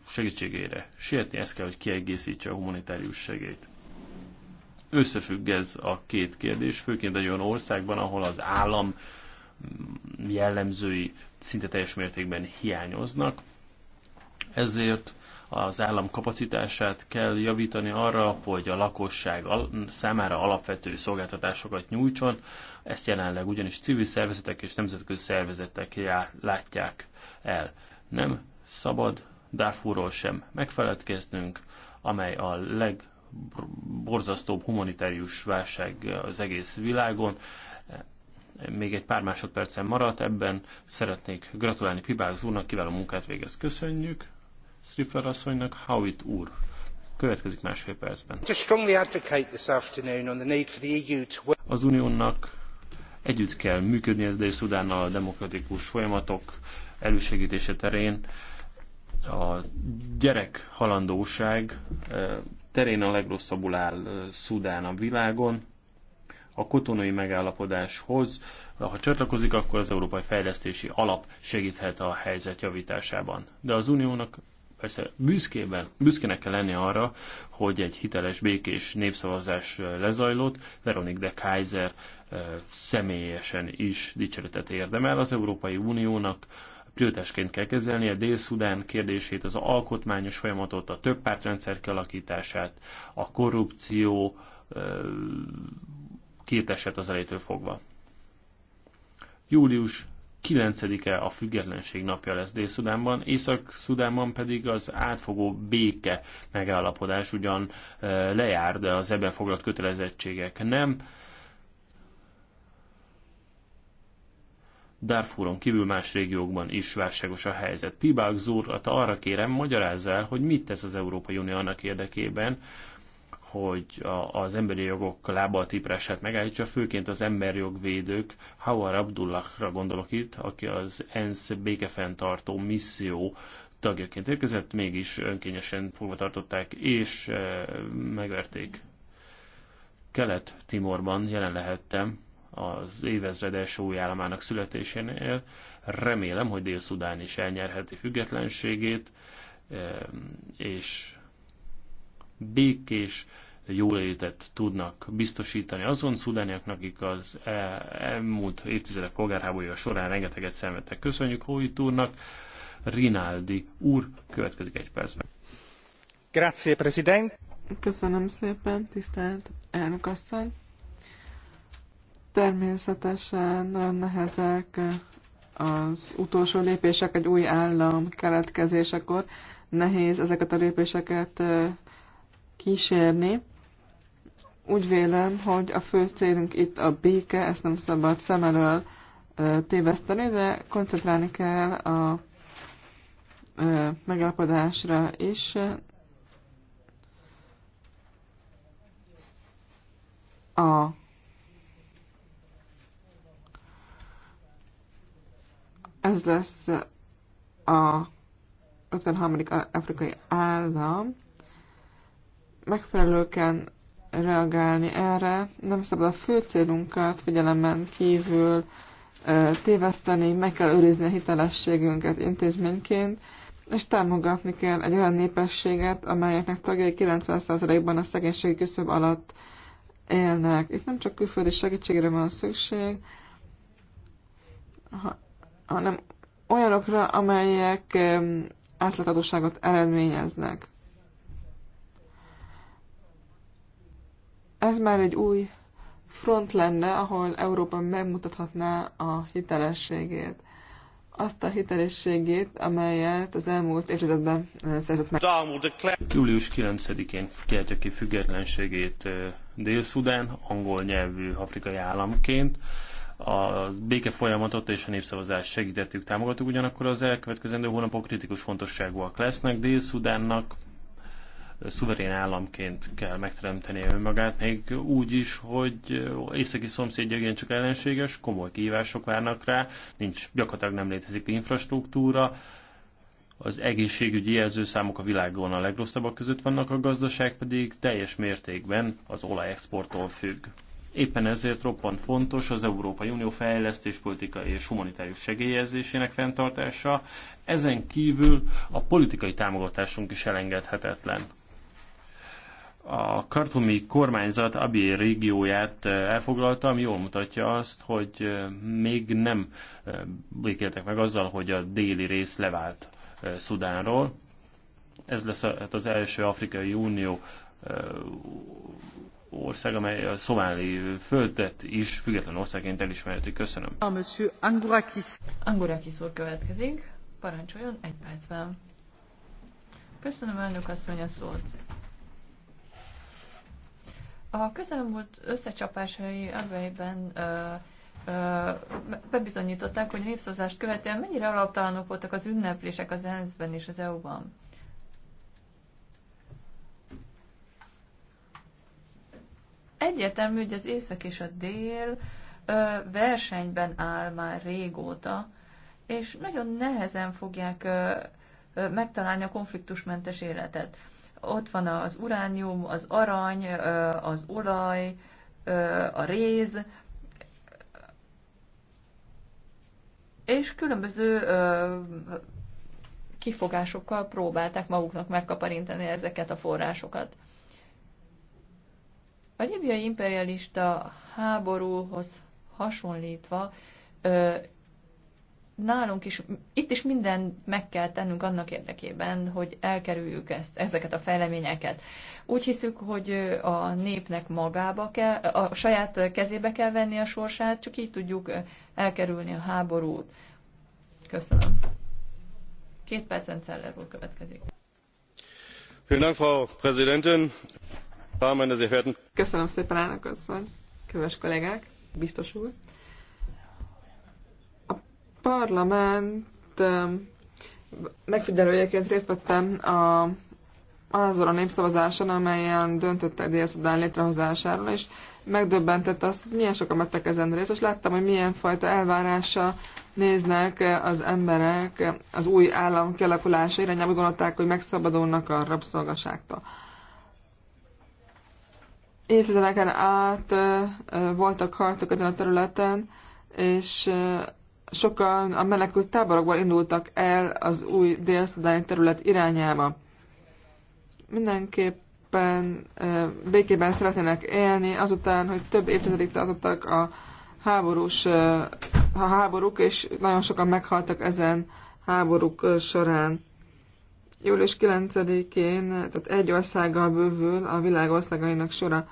[SPEAKER 3] segítségére sietni, ez kell, hogy kiegészítse a humanitárius segélyt. Összefügg ez a két kérdés, főként egy olyan országban, ahol az állam mm, jellemzői szinte teljes mértékben hiányoznak, ezért az állam kapacitását kell javítani arra, hogy a lakosság számára alapvető szolgáltatásokat nyújtson. Ezt jelenleg ugyanis civil szervezetek és nemzetközi szervezetek jár, látják el. Nem szabad Darfurról sem megfeledkeznünk, amely a legborzasztóbb humanitárius válság az egész világon még egy pár másodpercen maradt, ebben szeretnék gratulálni Pibák úrnak, kiváló munkát végez. Köszönjük! Stripler asszonynak, Howitt úr. Következik másfél percben. E az uniónak együtt kell működni Dél-Szudánnal a demokratikus folyamatok elősegítése terén. A gyerek halandóság eh, terén a legrosszabbul áll eh, Szudán a világon. A kotonai megállapodáshoz, ha csatlakozik, akkor az Európai Fejlesztési Alap segíthet a helyzet javításában. De az uniónak Persze büszkében, büszkének kell lenni arra, hogy egy hiteles, békés népszavazás lezajlott. Veronik de Kaiser személyesen is dicséretet érdemel az Európai Uniónak, prioritásként kell kezelni a Dél-Szudán kérdését, az alkotmányos folyamatot, a több pártrendszer kialakítását, a korrupció kiirtását az elétől fogva. Július 9-e a függetlenség napja lesz Dél-Szudánban, Észak-Szudánban pedig az átfogó béke megállapodás ugyan lejár, de az ebben foglalt kötelezettségek nem. Darfuron kívül más régiókban is válságos a helyzet. Pibák Zúr, arra kérem, magyarázza el, hogy mit tesz az Európai Unió annak érdekében, hogy a az emberi jogok lábbal tiprását megállítsa, főként az emberjogvédők, Hawar Abdullahra gondolok itt, aki az ENSZ békefenntartó misszió tagjaként érkezett, mégis önkényesen fogva tartották és eh, megverték. Kelet-Timorban jelen lehettem az évezred első új államának születésénél. Remélem, hogy Dél-Szudán is elnyerheti függetlenségét, eh, és békés jólétet tudnak biztosítani azon szudániaknak, akik az e, elmúlt évtizedek polgárháborúja során rengeteget szenvedtek. Köszönjük Hoyt úrnak, Rinaldi úr következik egy percben. Grazie, President.
[SPEAKER 2] Köszönöm szépen, tisztelt elnök asszony. Természetesen nagyon nehezek az utolsó lépések egy új állam keletkezésekor. Nehéz ezeket a lépéseket kísérni. Úgy vélem, hogy a fő célunk itt a béke, ezt nem szabad szem elől téveszteni, de koncentrálni kell a megállapodásra is. A ez lesz a 53. afrikai állam, megfelelően reagálni erre. Nem szabad a fő célunkat figyelemen kívül téveszteni, meg kell őrizni a hitelességünket intézményként, és támogatni kell egy olyan népességet, amelyeknek tagjai 90%-ban a szegénységi küszöb alatt élnek. Itt nem csak külföldi segítségre van szükség, hanem olyanokra, amelyek átláthatóságot eredményeznek. Ez már egy új front lenne, ahol Európa megmutathatná a hitelességét. Azt a hitelességét, amelyet az elmúlt évtizedben eh, szerzett meg.
[SPEAKER 3] Július 9-én kérte ki függetlenségét eh, Dél-Szudán, angol nyelvű afrikai államként a béke folyamatot és a népszavazást segítettük, támogattuk, ugyanakkor az elkövetkezendő hónapok kritikus fontosságúak lesznek. Dél-Szudánnak szuverén államként kell megteremteni önmagát, még úgy is, hogy északi szomszédja csak ellenséges, komoly kihívások várnak rá, nincs, gyakorlatilag nem létezik infrastruktúra, az egészségügyi jelzőszámok a világon a legrosszabbak között vannak, a gazdaság pedig teljes mértékben az olajexporttól függ. Éppen ezért roppant fontos az Európai Unió fejlesztéspolitikai és humanitárius segélyezésének fenntartása, ezen kívül a politikai támogatásunk is elengedhetetlen a kartumi kormányzat abi régióját elfoglalta, ami jól mutatja azt, hogy még nem békéltek meg azzal, hogy a déli rész levált Szudánról. Ez lesz hát az első Afrikai Unió ország, amely a szomáli földet is független országként elismerheti. Köszönöm.
[SPEAKER 1] A monsieur Angurakis. Angurakis úr következik. Parancsoljon egy percben. Köszönöm elnök asszony a szót. A közelmúlt összecsapásai, amelyben bebizonyították, hogy népszavazást követően mennyire alaptalanok voltak az ünneplések az ENSZ-ben és az EU-ban. Egyértelmű, hogy az észak és a dél ö, versenyben áll már régóta, és nagyon nehezen fogják ö, ö, megtalálni a konfliktusmentes életet. Ott van az uránium, az arany, az olaj, a réz, és különböző kifogásokkal próbálták maguknak megkaparintani ezeket a forrásokat. A libiai imperialista háborúhoz hasonlítva nálunk is, itt is minden meg kell tennünk annak érdekében, hogy elkerüljük ezt, ezeket a fejleményeket. Úgy hiszük, hogy a népnek magába kell, a saját kezébe kell venni a sorsát, csak így tudjuk elkerülni a háborút. Köszönöm. Két percen Celler úr következik.
[SPEAKER 3] Vielen Frau Präsidentin.
[SPEAKER 2] Köszönöm szépen, elnök asszony, kedves kollégák, biztos úr parlament um, megfigyelőjeként részt vettem a, azon a népszavazáson, amelyen döntöttek Dél-Szudán létrehozásáról, és megdöbbentett azt, hogy milyen sokan vettek ezen részt, és láttam, hogy milyen fajta elvárása néznek az emberek az új állam kialakulása irányába, gondolták, hogy megszabadulnak a rabszolgaságtól. Évtizedeken át voltak harcok ezen a területen, és sokan a menekült táborokból indultak el az új dél terület irányába. Mindenképpen békében szeretnének élni, azután, hogy több évtizedig tartottak a háborús a háborúk, és nagyon sokan meghaltak ezen háborúk során. Július 9-én, tehát egy országgal bővül a világ országainak sora.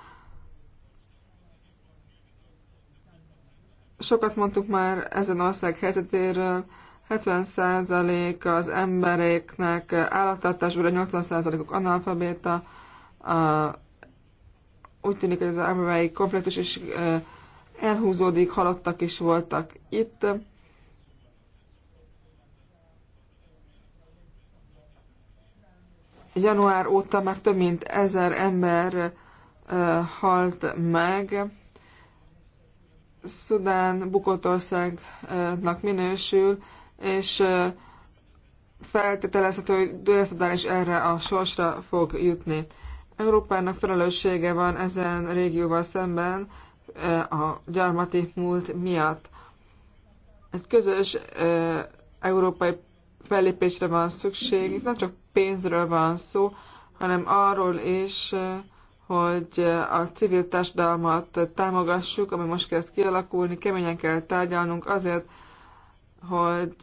[SPEAKER 2] Sokat mondtuk már ezen ország helyzetéről, 70% az embereknek állattartásúra, 80%-uk analfabéta. A, úgy tűnik, hogy az emberi konfliktus is elhúzódik, halottak is voltak itt. Január óta már több mint ezer ember halt meg. Szudán bukott országnak minősül, és feltételezhető, hogy Dél-Szudán is erre a sorsra fog jutni. Európának felelőssége van ezen régióval szemben a gyarmati múlt miatt. Egy közös európai fellépésre van szükség. Itt nem csak pénzről van szó, hanem arról is, hogy a civil társadalmat támogassuk, ami most kezd kialakulni, keményen kell tárgyalnunk azért, hogy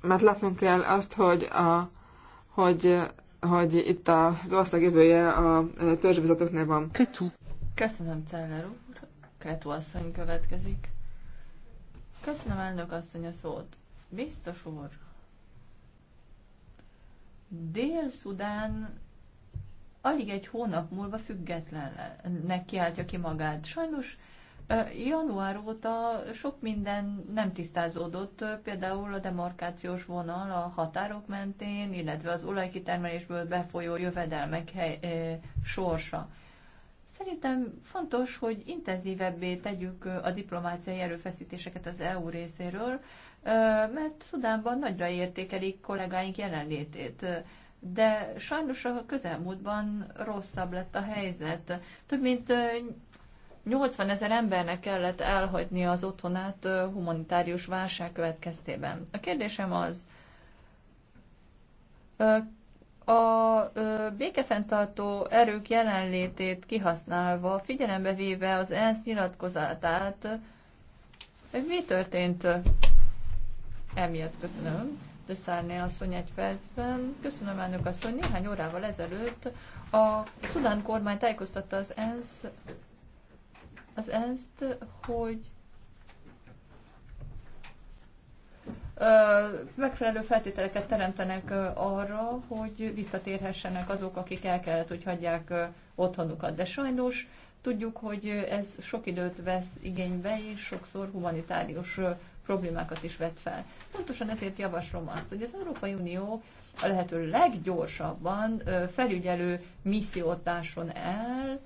[SPEAKER 2] mert látnunk kell azt, hogy, a, hogy, hogy itt az ország jövője a törzsbizatoknál van. Kretu.
[SPEAKER 1] Köszönöm, Celler úr. Kretu asszony következik. Köszönöm, elnök asszony a szót. Biztos úr, Dél-Szudán alig egy hónap múlva függetlennek kiáltja ki magát. Sajnos január óta sok minden nem tisztázódott, például a demarkációs vonal a határok mentén, illetve az olajkitermelésből befolyó jövedelmek hely, e, sorsa. Szerintem fontos, hogy intenzívebbé tegyük a diplomáciai erőfeszítéseket az EU részéről, mert Szudánban nagyra értékelik kollégáink jelenlétét. De sajnos a közelmúltban rosszabb lett a helyzet. Több mint 80 ezer embernek kellett elhagyni az otthonát humanitárius válság következtében. A kérdésem az, a békefenntartó erők jelenlétét kihasználva, figyelembe véve az ENSZ nyilatkozatát, mi történt Emiatt köszönöm. De Szárné asszony egy percben. Köszönöm, elnök asszony. Néhány órával ezelőtt a szudán kormány tájékoztatta az ENSZ, az ensz hogy megfelelő feltételeket teremtenek arra, hogy visszatérhessenek azok, akik el kellett, hogy hagyják otthonukat. De sajnos tudjuk, hogy ez sok időt vesz igénybe, és sokszor humanitárius problémákat is vet fel. Pontosan ezért javaslom azt, hogy az Európai Unió a lehető leggyorsabban felügyelő missziót társon el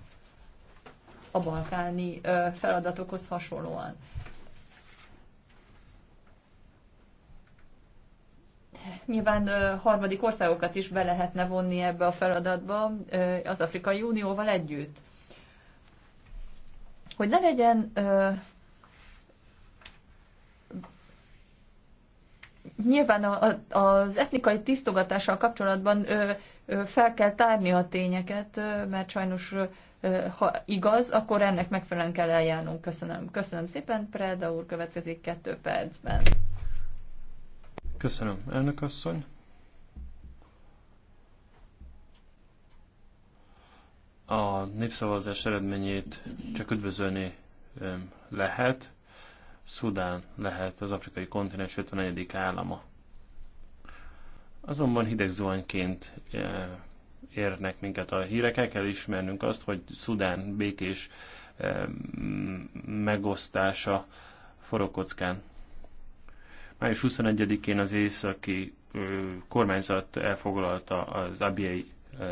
[SPEAKER 1] a balkáni feladatokhoz hasonlóan. Nyilván harmadik országokat is be lehetne vonni ebbe a feladatba az Afrikai Unióval együtt. Hogy ne legyen nyilván a, a, az etnikai tisztogatással kapcsolatban ö, ö, fel kell tárni a tényeket, ö, mert sajnos ö, ha igaz, akkor ennek megfelelően kell eljárnunk. Köszönöm. Köszönöm szépen, Preda úr következik kettő percben.
[SPEAKER 3] Köszönöm, elnök asszony. A népszavazás eredményét csak üdvözölni lehet Szudán lehet az afrikai kontinens 54. állama. Azonban hideg zuhanyként eh, érnek minket a hírek. El kell ismernünk azt, hogy Szudán békés eh, megosztása forrókockán. Május 21-én az északi eh, kormányzat elfoglalta az Abiei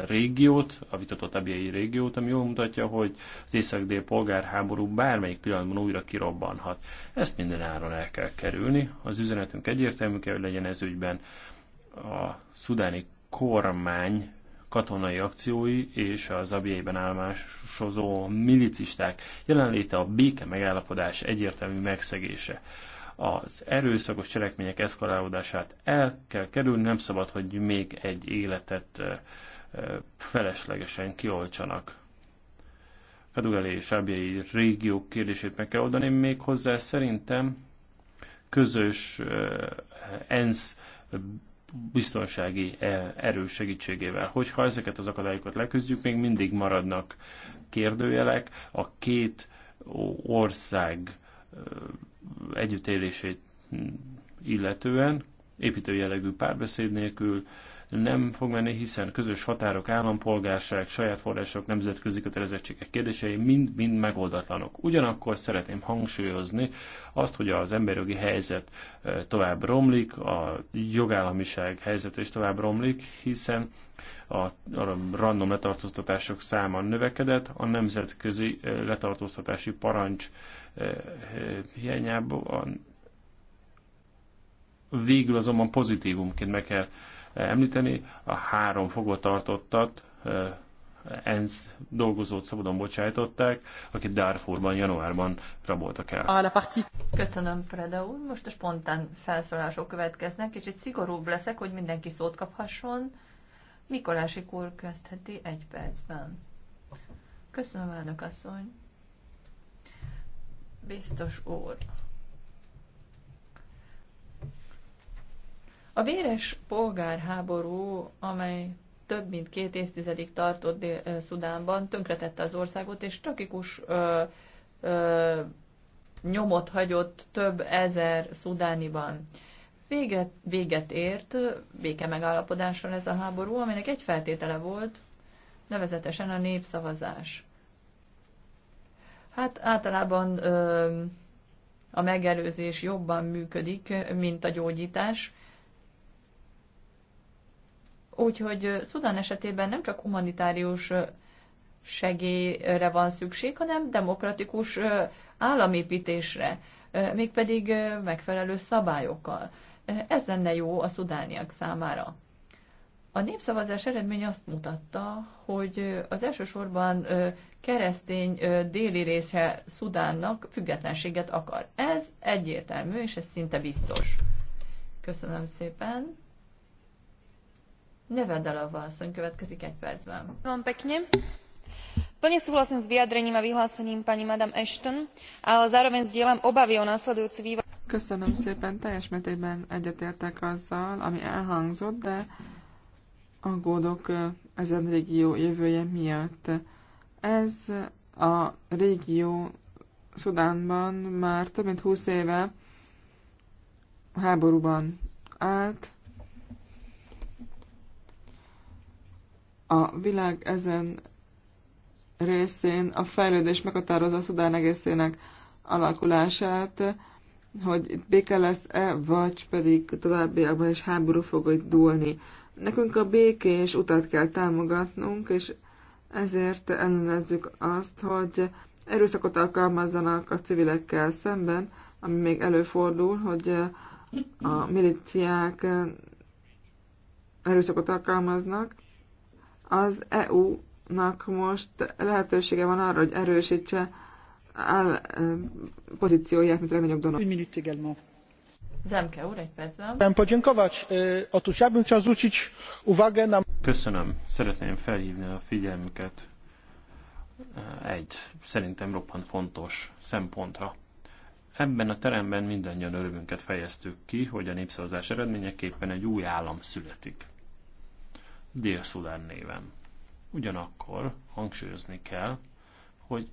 [SPEAKER 3] régiót, a vitatott abjai régiót, ami jól mutatja, hogy az észak-dél polgárháború bármelyik pillanatban újra kirobbanhat. Ezt minden áron el kell kerülni. Az üzenetünk egyértelmű kell, hogy legyen ez ügyben a szudáni kormány katonai akciói és az abjaiben állomásozó milicisták jelenléte a béke megállapodás egyértelmű megszegése az erőszakos cselekmények eszkalálódását el kell kerülni, nem szabad, hogy még egy életet eh, feleslegesen kioltsanak. dugeli és Ábjai régiók kérdését meg kell oldani, még hozzá szerintem közös ENSZ biztonsági e, erő segítségével. Hogyha ezeket az akadályokat leküzdjük, még mindig maradnak kérdőjelek, a két ország együttélését illetően építőjelegű párbeszéd nélkül nem fog menni, hiszen közös határok, állampolgárság, saját források, nemzetközi kötelezettségek kérdései mind-mind megoldatlanok. Ugyanakkor szeretném hangsúlyozni azt, hogy az emberjogi helyzet tovább romlik, a jogállamiság helyzet is tovább romlik, hiszen a, a random letartóztatások száma növekedett, a nemzetközi letartóztatási parancs hiányában végül azonban pozitívumként meg kell említeni. A három fogvatartottat ENSZ dolgozót szabadon bocsájtották, akit Darfurban januárban raboltak el.
[SPEAKER 1] A Köszönöm, Preda úr. Most a spontán felszólások következnek. Kicsit szigorúbb leszek, hogy mindenki szót kaphasson. Mikolási úr kezdheti egy percben. Köszönöm, elnök asszony. Biztos úr. A véres polgárháború, amely több mint két évtizedig tartott Szudánban, tönkretette az országot, és tragikus ö, ö, nyomot hagyott több ezer szudániban. Véget, véget ért béke megállapodáson ez a háború, aminek egy feltétele volt, nevezetesen a népszavazás. Hát általában ö, a megelőzés jobban működik, mint a gyógyítás, Úgyhogy Szudán esetében nem csak humanitárius segélyre van szükség, hanem demokratikus államépítésre, mégpedig megfelelő szabályokkal. Ez lenne jó a szudániak számára. A népszavazás eredménye azt mutatta, hogy az elsősorban keresztény déli része Szudánnak függetlenséget akar. Ez egyértelmű, és ez szinte biztos. Köszönöm szépen. Nevedalova asszony következik egy percben. Van pekne. Plne súhlasím s vyjadrením a vyhlásením pani Madame Ashton, ale zároveň zdieľam obavy o následujúci vývoj.
[SPEAKER 2] Köszönöm szépen, teljes mértékben egyetértek azzal, ami elhangzott, de aggódok ezen régió jövője miatt. Ez a régió Szudánban már több mint 20 éve háborúban állt, A világ ezen részén a fejlődés meghatározza a Szudán egészének alakulását, hogy itt béke lesz-e, vagy pedig továbbiakban is háború fog itt dúlni. Nekünk a békés utat kell támogatnunk, és ezért ellenezzük azt, hogy erőszakot alkalmazzanak a civilekkel szemben, ami még előfordul, hogy a miliciák erőszakot alkalmaznak, az EU-nak most lehetősége van arra, hogy erősítse áll pozícióját, mint a legnagyobb donor. Egy minut
[SPEAKER 1] Zemke úr, egy percben.
[SPEAKER 3] E, Köszönöm. Szeretném felhívni a figyelmüket e, egy szerintem roppant fontos szempontra. Ebben a teremben mindannyian örömünket fejeztük ki, hogy a népszavazás eredményeképpen egy új állam születik. Dél-Szudán néven. Ugyanakkor hangsúlyozni kell, hogy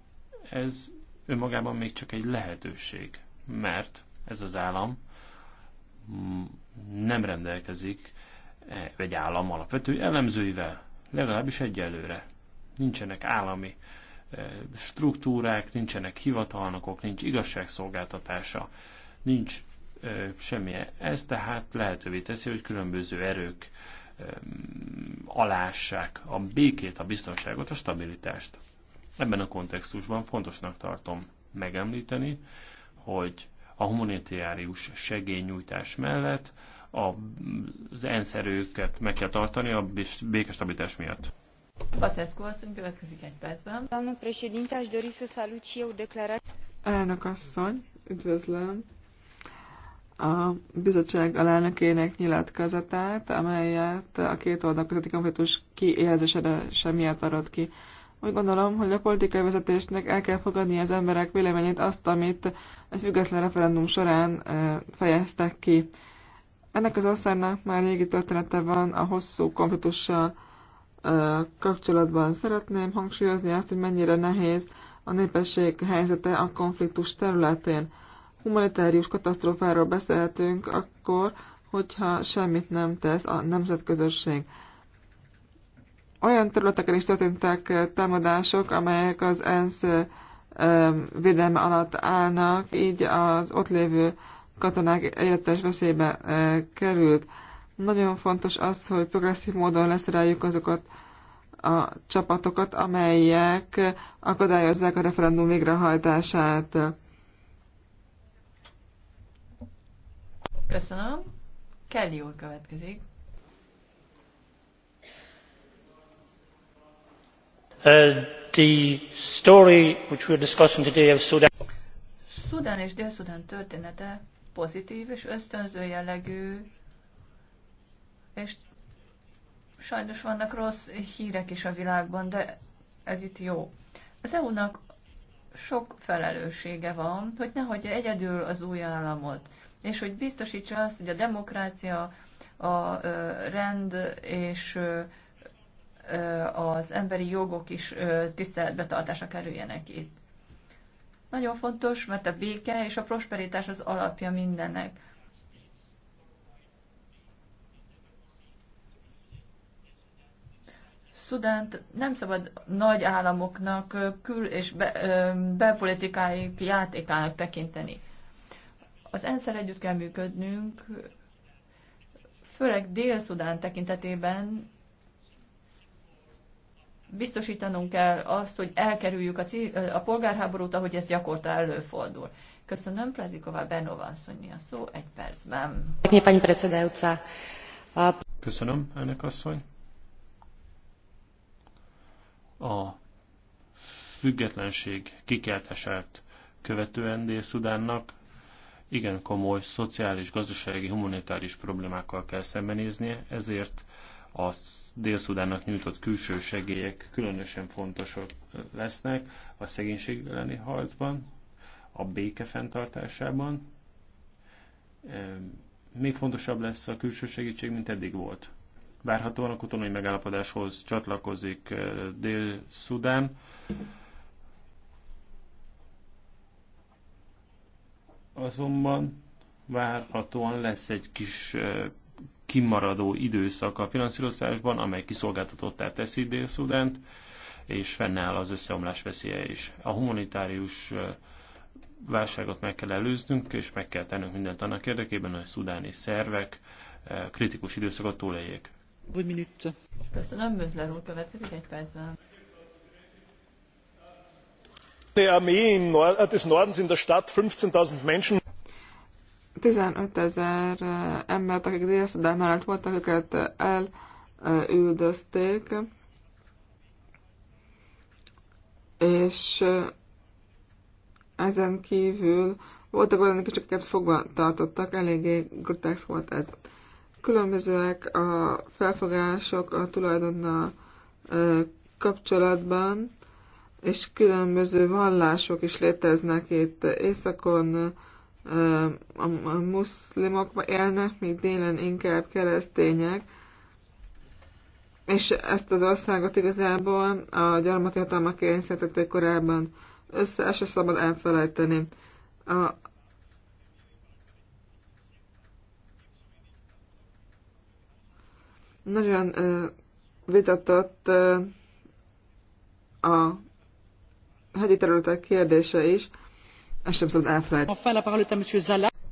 [SPEAKER 3] ez önmagában még csak egy lehetőség, mert ez az állam nem rendelkezik e, egy állam alapvető elemzőivel, legalábbis egyelőre. Nincsenek állami e, struktúrák, nincsenek hivatalnokok, nincs igazságszolgáltatása, nincs e, semmi. Ez tehát lehetővé teszi, hogy különböző erők alássák a békét, a biztonságot, a stabilitást. Ebben a kontextusban fontosnak tartom megemlíteni, hogy a humanitárius segélynyújtás mellett a, az ENSZ erőket meg kell tartani a békestabilitás miatt.
[SPEAKER 1] Baszeszko asszony következik egy percben.
[SPEAKER 2] Elnök asszony, üdvözlöm a bizottság alelnökének nyilatkozatát, amelyet a két oldal közötti konfliktus kiélzésedese miatt adott ki. Úgy gondolom, hogy a politikai vezetésnek el kell fogadni az emberek véleményét azt, amit egy független referendum során fejeztek ki. Ennek az országnak már régi története van a hosszú konfliktussal kapcsolatban. Szeretném hangsúlyozni azt, hogy mennyire nehéz a népesség helyzete a konfliktus területén humanitárius katasztrófáról beszélhetünk akkor, hogyha semmit nem tesz a nemzetközösség. Olyan területeken is történtek eh, támadások, amelyek az ENSZ eh, védelme alatt állnak, így az ott lévő katonák életes veszélybe eh, került. Nagyon fontos az, hogy progresszív módon leszereljük azokat a csapatokat, amelyek akadályozzák a referendum végrehajtását
[SPEAKER 1] Köszönöm. Kelly úr következik.
[SPEAKER 3] Uh, the story which we're discussing today of Sudan.
[SPEAKER 1] Sudan és dél sudan története pozitív és ösztönző jellegű, és sajnos vannak rossz hírek is a világban, de ez itt jó. Az EU-nak sok felelőssége van, hogy nehogy egyedül az új államot és hogy biztosítsa azt, hogy a demokrácia, a rend és az emberi jogok is tiszteletbe tartása kerüljenek itt. Nagyon fontos, mert a béke és a prosperitás az alapja mindennek. Szudánt nem szabad nagy államoknak kül- és be, belpolitikáik játékának tekinteni. Az ensz együtt kell működnünk, főleg Dél-Szudán tekintetében biztosítanunk kell azt, hogy elkerüljük a, cíl, a polgárháborút, ahogy ez gyakorta előfordul. Köszönöm, Plaziková Benova asszonyi a szó egy percben.
[SPEAKER 3] Köszönöm, elnök asszony. A függetlenség kikeltesett követően Dél-Szudánnak igen komoly szociális, gazdasági, humanitáris problémákkal kell szembenéznie, ezért a Dél-Szudánnak nyújtott külső segélyek különösen fontosak lesznek a szegénység elleni harcban, a béke fenntartásában. Még fontosabb lesz a külső segítség, mint eddig volt. Várhatóan a katonai megállapodáshoz csatlakozik Dél-Szudán. azonban várhatóan lesz egy kis kimaradó időszak a finanszírozásban, amely kiszolgáltatottá teszi Dél-Szudánt, és fennáll az összeomlás veszélye is. A humanitárius válságot meg kell előznünk, és meg kell tennünk mindent annak érdekében, hogy a szudáni szervek kritikus időszakot túléljék.
[SPEAKER 1] Köszönöm, Mözler úr, következik egy percben
[SPEAKER 3] eine armee äh, des nordens in der stadt fünfzehn null menschen.
[SPEAKER 2] 15 ezer äh, embert, akik dél mellett voltak, őket elüldözték, és ezen kívül voltak olyanok, akik csak fogva tartottak, eléggé grotesk volt ez. Különbözőek a felfogások a tulajdonnal kapcsolatban, és különböző vallások is léteznek itt. Északon a muszlimok élnek, míg délen inkább keresztények, és ezt az országot igazából a gyarmati hatalmak kényszerítették korábban össze, se szabad elfelejteni. A nagyon vitatott a hegyi hát területek kérdése is, ezt sem szokt
[SPEAKER 3] elfelejteni.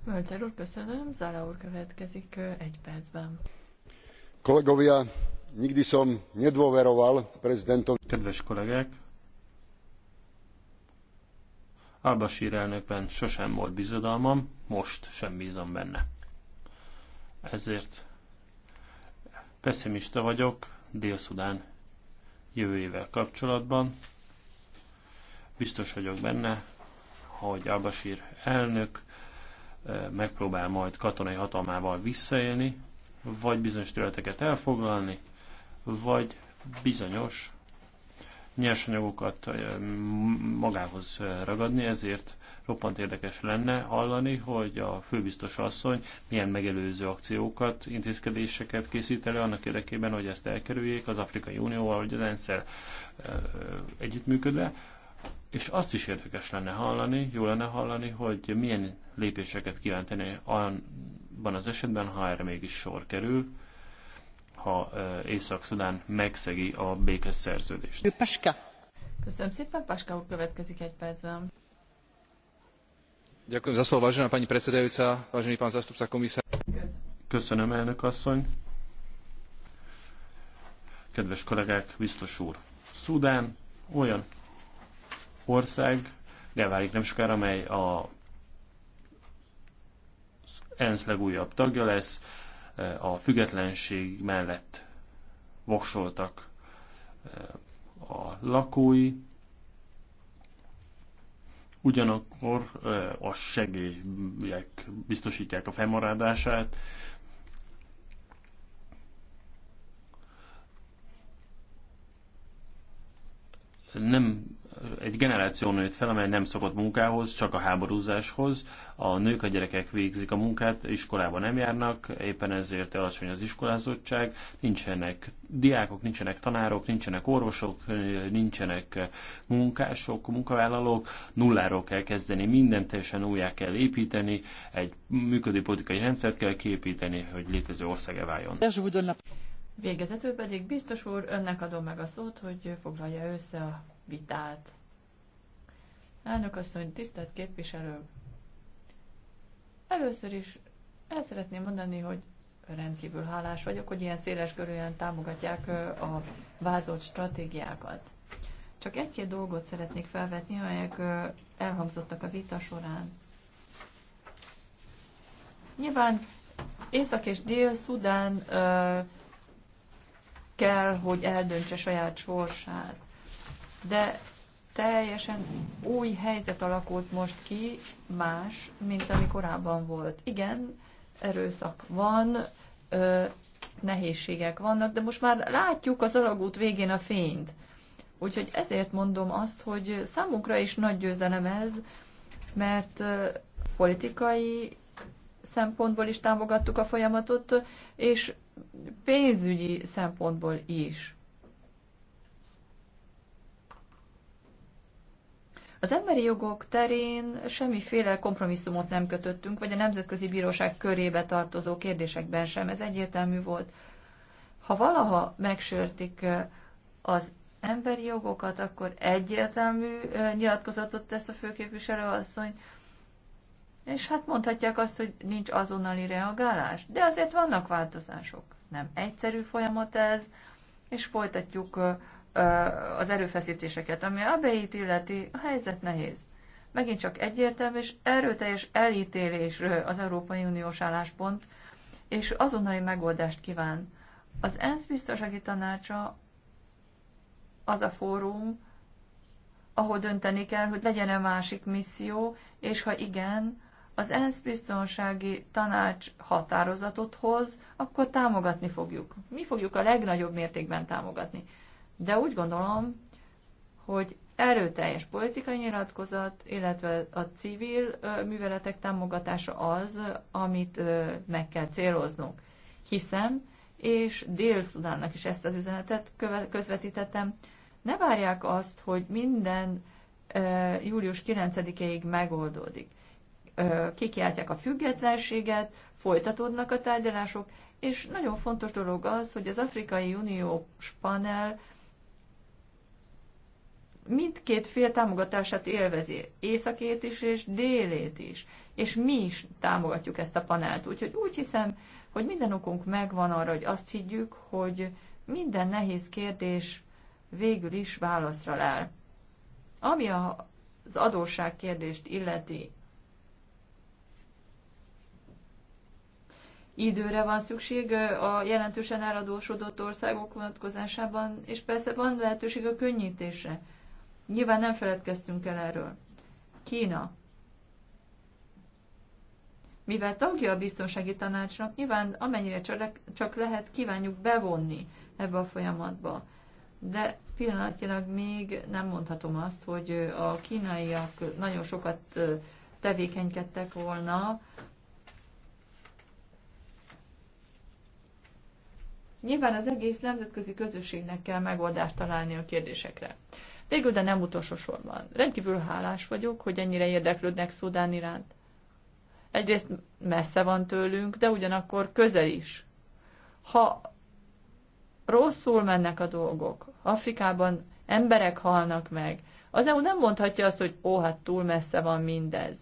[SPEAKER 1] Mölcer úr, köszönöm. Zala úr következik egy percben.
[SPEAKER 3] Kollegovia, nikdy som nedôveroval prezidentom. Kedves kollégák, Albasír elnökben sosem volt bizodalmam, most sem bízom benne. Ezért pessimista vagyok Dél-Szudán jövőjével kapcsolatban, Biztos vagyok benne, hogy Albasír elnök eh, megpróbál majd katonai hatalmával visszaélni, vagy bizonyos területeket elfoglalni, vagy bizonyos nyersanyagokat eh, magához eh, ragadni, ezért roppant érdekes lenne hallani, hogy a főbiztos asszony milyen megelőző akciókat, intézkedéseket készít elő annak érdekében, hogy ezt elkerüljék az Afrikai Unióval vagy az ENSZ-el együttműködve és azt is érdekes lenne hallani, jó lenne hallani, hogy milyen lépéseket kíván tenni abban az esetben, ha erre mégis sor kerül, ha Észak-Szudán megszegi a békeszerződést. Paska.
[SPEAKER 1] Köszönöm szépen, Paska úr következik egy percben.
[SPEAKER 3] Ďakujem za slovo, vážená pani predsedajúca, vážený pán zastupca komisár. Köszönöm, elnök asszony. Kedves kollégák, biztos úr, Szudán olyan ország, elválik nem sokára, amely a ENSZ legújabb tagja lesz, eh, a függetlenség mellett voksoltak eh, a lakói, ugyanakkor eh, a segélyek biztosítják a fennmaradását, nem egy generáció nőtt fel, amely nem szokott munkához, csak a háborúzáshoz. A nők, a gyerekek végzik a munkát, iskolába nem járnak, éppen ezért alacsony az iskolázottság, nincsenek diákok, nincsenek tanárok, nincsenek orvosok, nincsenek munkások, munkavállalók, nulláról kell kezdeni, mindent teljesen újjá kell építeni, egy működő politikai rendszert kell képíteni, hogy létező ország váljon.
[SPEAKER 1] Végezetül pedig biztos úr, önnek adom meg a szót, hogy foglalja össze a vitát. Elnök asszony, tisztelt képviselő! Először is el szeretném mondani, hogy rendkívül hálás vagyok, hogy ilyen széles körűen támogatják a vázolt stratégiákat. Csak egy-két dolgot szeretnék felvetni, amelyek elhangzottak a vita során. Nyilván Észak és Dél-Szudán kell, hogy eldöntse saját sorsát de teljesen új helyzet alakult most ki, más, mint ami korábban volt. Igen, erőszak van, ö, nehézségek vannak, de most már látjuk az alagút végén a fényt. Úgyhogy ezért mondom azt, hogy számukra is nagy győzelem ez, mert politikai szempontból is támogattuk a folyamatot, és pénzügyi szempontból is. Az emberi jogok terén semmiféle kompromisszumot nem kötöttünk, vagy a Nemzetközi Bíróság körébe tartozó kérdésekben sem. Ez egyértelmű volt. Ha valaha megsértik az emberi jogokat, akkor egyértelmű nyilatkozatot tesz a főképviselő asszony, és hát mondhatják azt, hogy nincs azonnali reagálás. De azért vannak változások. Nem egyszerű folyamat ez, és folytatjuk az erőfeszítéseket. Ami Abeit illeti, a helyzet nehéz. Megint csak egyértelmű és erőteljes elítélés az Európai Uniós álláspont, és azonnali megoldást kíván. Az ENSZ biztonsági tanácsa az a fórum, ahol dönteni kell, hogy legyen-e másik misszió, és ha igen, az ENSZ biztonsági tanács határozatot hoz, akkor támogatni fogjuk. Mi fogjuk a legnagyobb mértékben támogatni de úgy gondolom, hogy erőteljes politikai nyilatkozat, illetve a civil műveletek támogatása az, amit meg kell céloznunk. Hiszem, és Dél-Szudánnak is ezt az üzenetet közvetítettem, ne várják azt, hogy minden július 9-ig megoldódik. Kikiáltják a függetlenséget, folytatódnak a tárgyalások, és nagyon fontos dolog az, hogy az Afrikai Uniós panel mindkét fél támogatását élvezi, északét is és délét is, és mi is támogatjuk ezt a panelt. Úgyhogy úgy hiszem, hogy minden okunk megvan arra, hogy azt higgyük, hogy minden nehéz kérdés végül is válaszra lel. Ami a, az adósság kérdést illeti, időre van szükség a jelentősen eladósodott országok vonatkozásában, és persze van lehetőség a könnyítésre Nyilván nem feledkeztünk el erről. Kína. Mivel tagja a biztonsági tanácsnak, nyilván amennyire csak lehet, kívánjuk bevonni ebbe a folyamatba. De pillanatilag még nem mondhatom azt, hogy a kínaiak nagyon sokat tevékenykedtek volna. Nyilván az egész nemzetközi közösségnek kell megoldást találni a kérdésekre. Végül, de nem utolsó sorban. Rendkívül hálás vagyok, hogy ennyire érdeklődnek Szudán iránt. Egyrészt messze van tőlünk, de ugyanakkor közel is. Ha rosszul mennek a dolgok, Afrikában emberek halnak meg, az EU nem mondhatja azt, hogy ó, hát túl messze van mindez.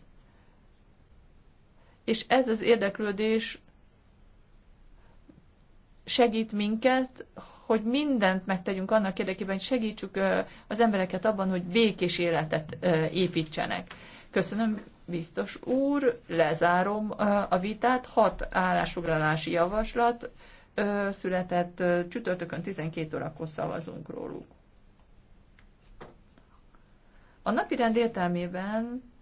[SPEAKER 1] És ez az érdeklődés segít minket, hogy mindent megtegyünk annak érdekében, hogy segítsük az embereket abban, hogy békés életet építsenek. Köszönöm, biztos úr, lezárom a vitát. Hat állásfoglalási javaslat született, csütörtökön 12 órakor szavazunk róluk. A napi rend értelmében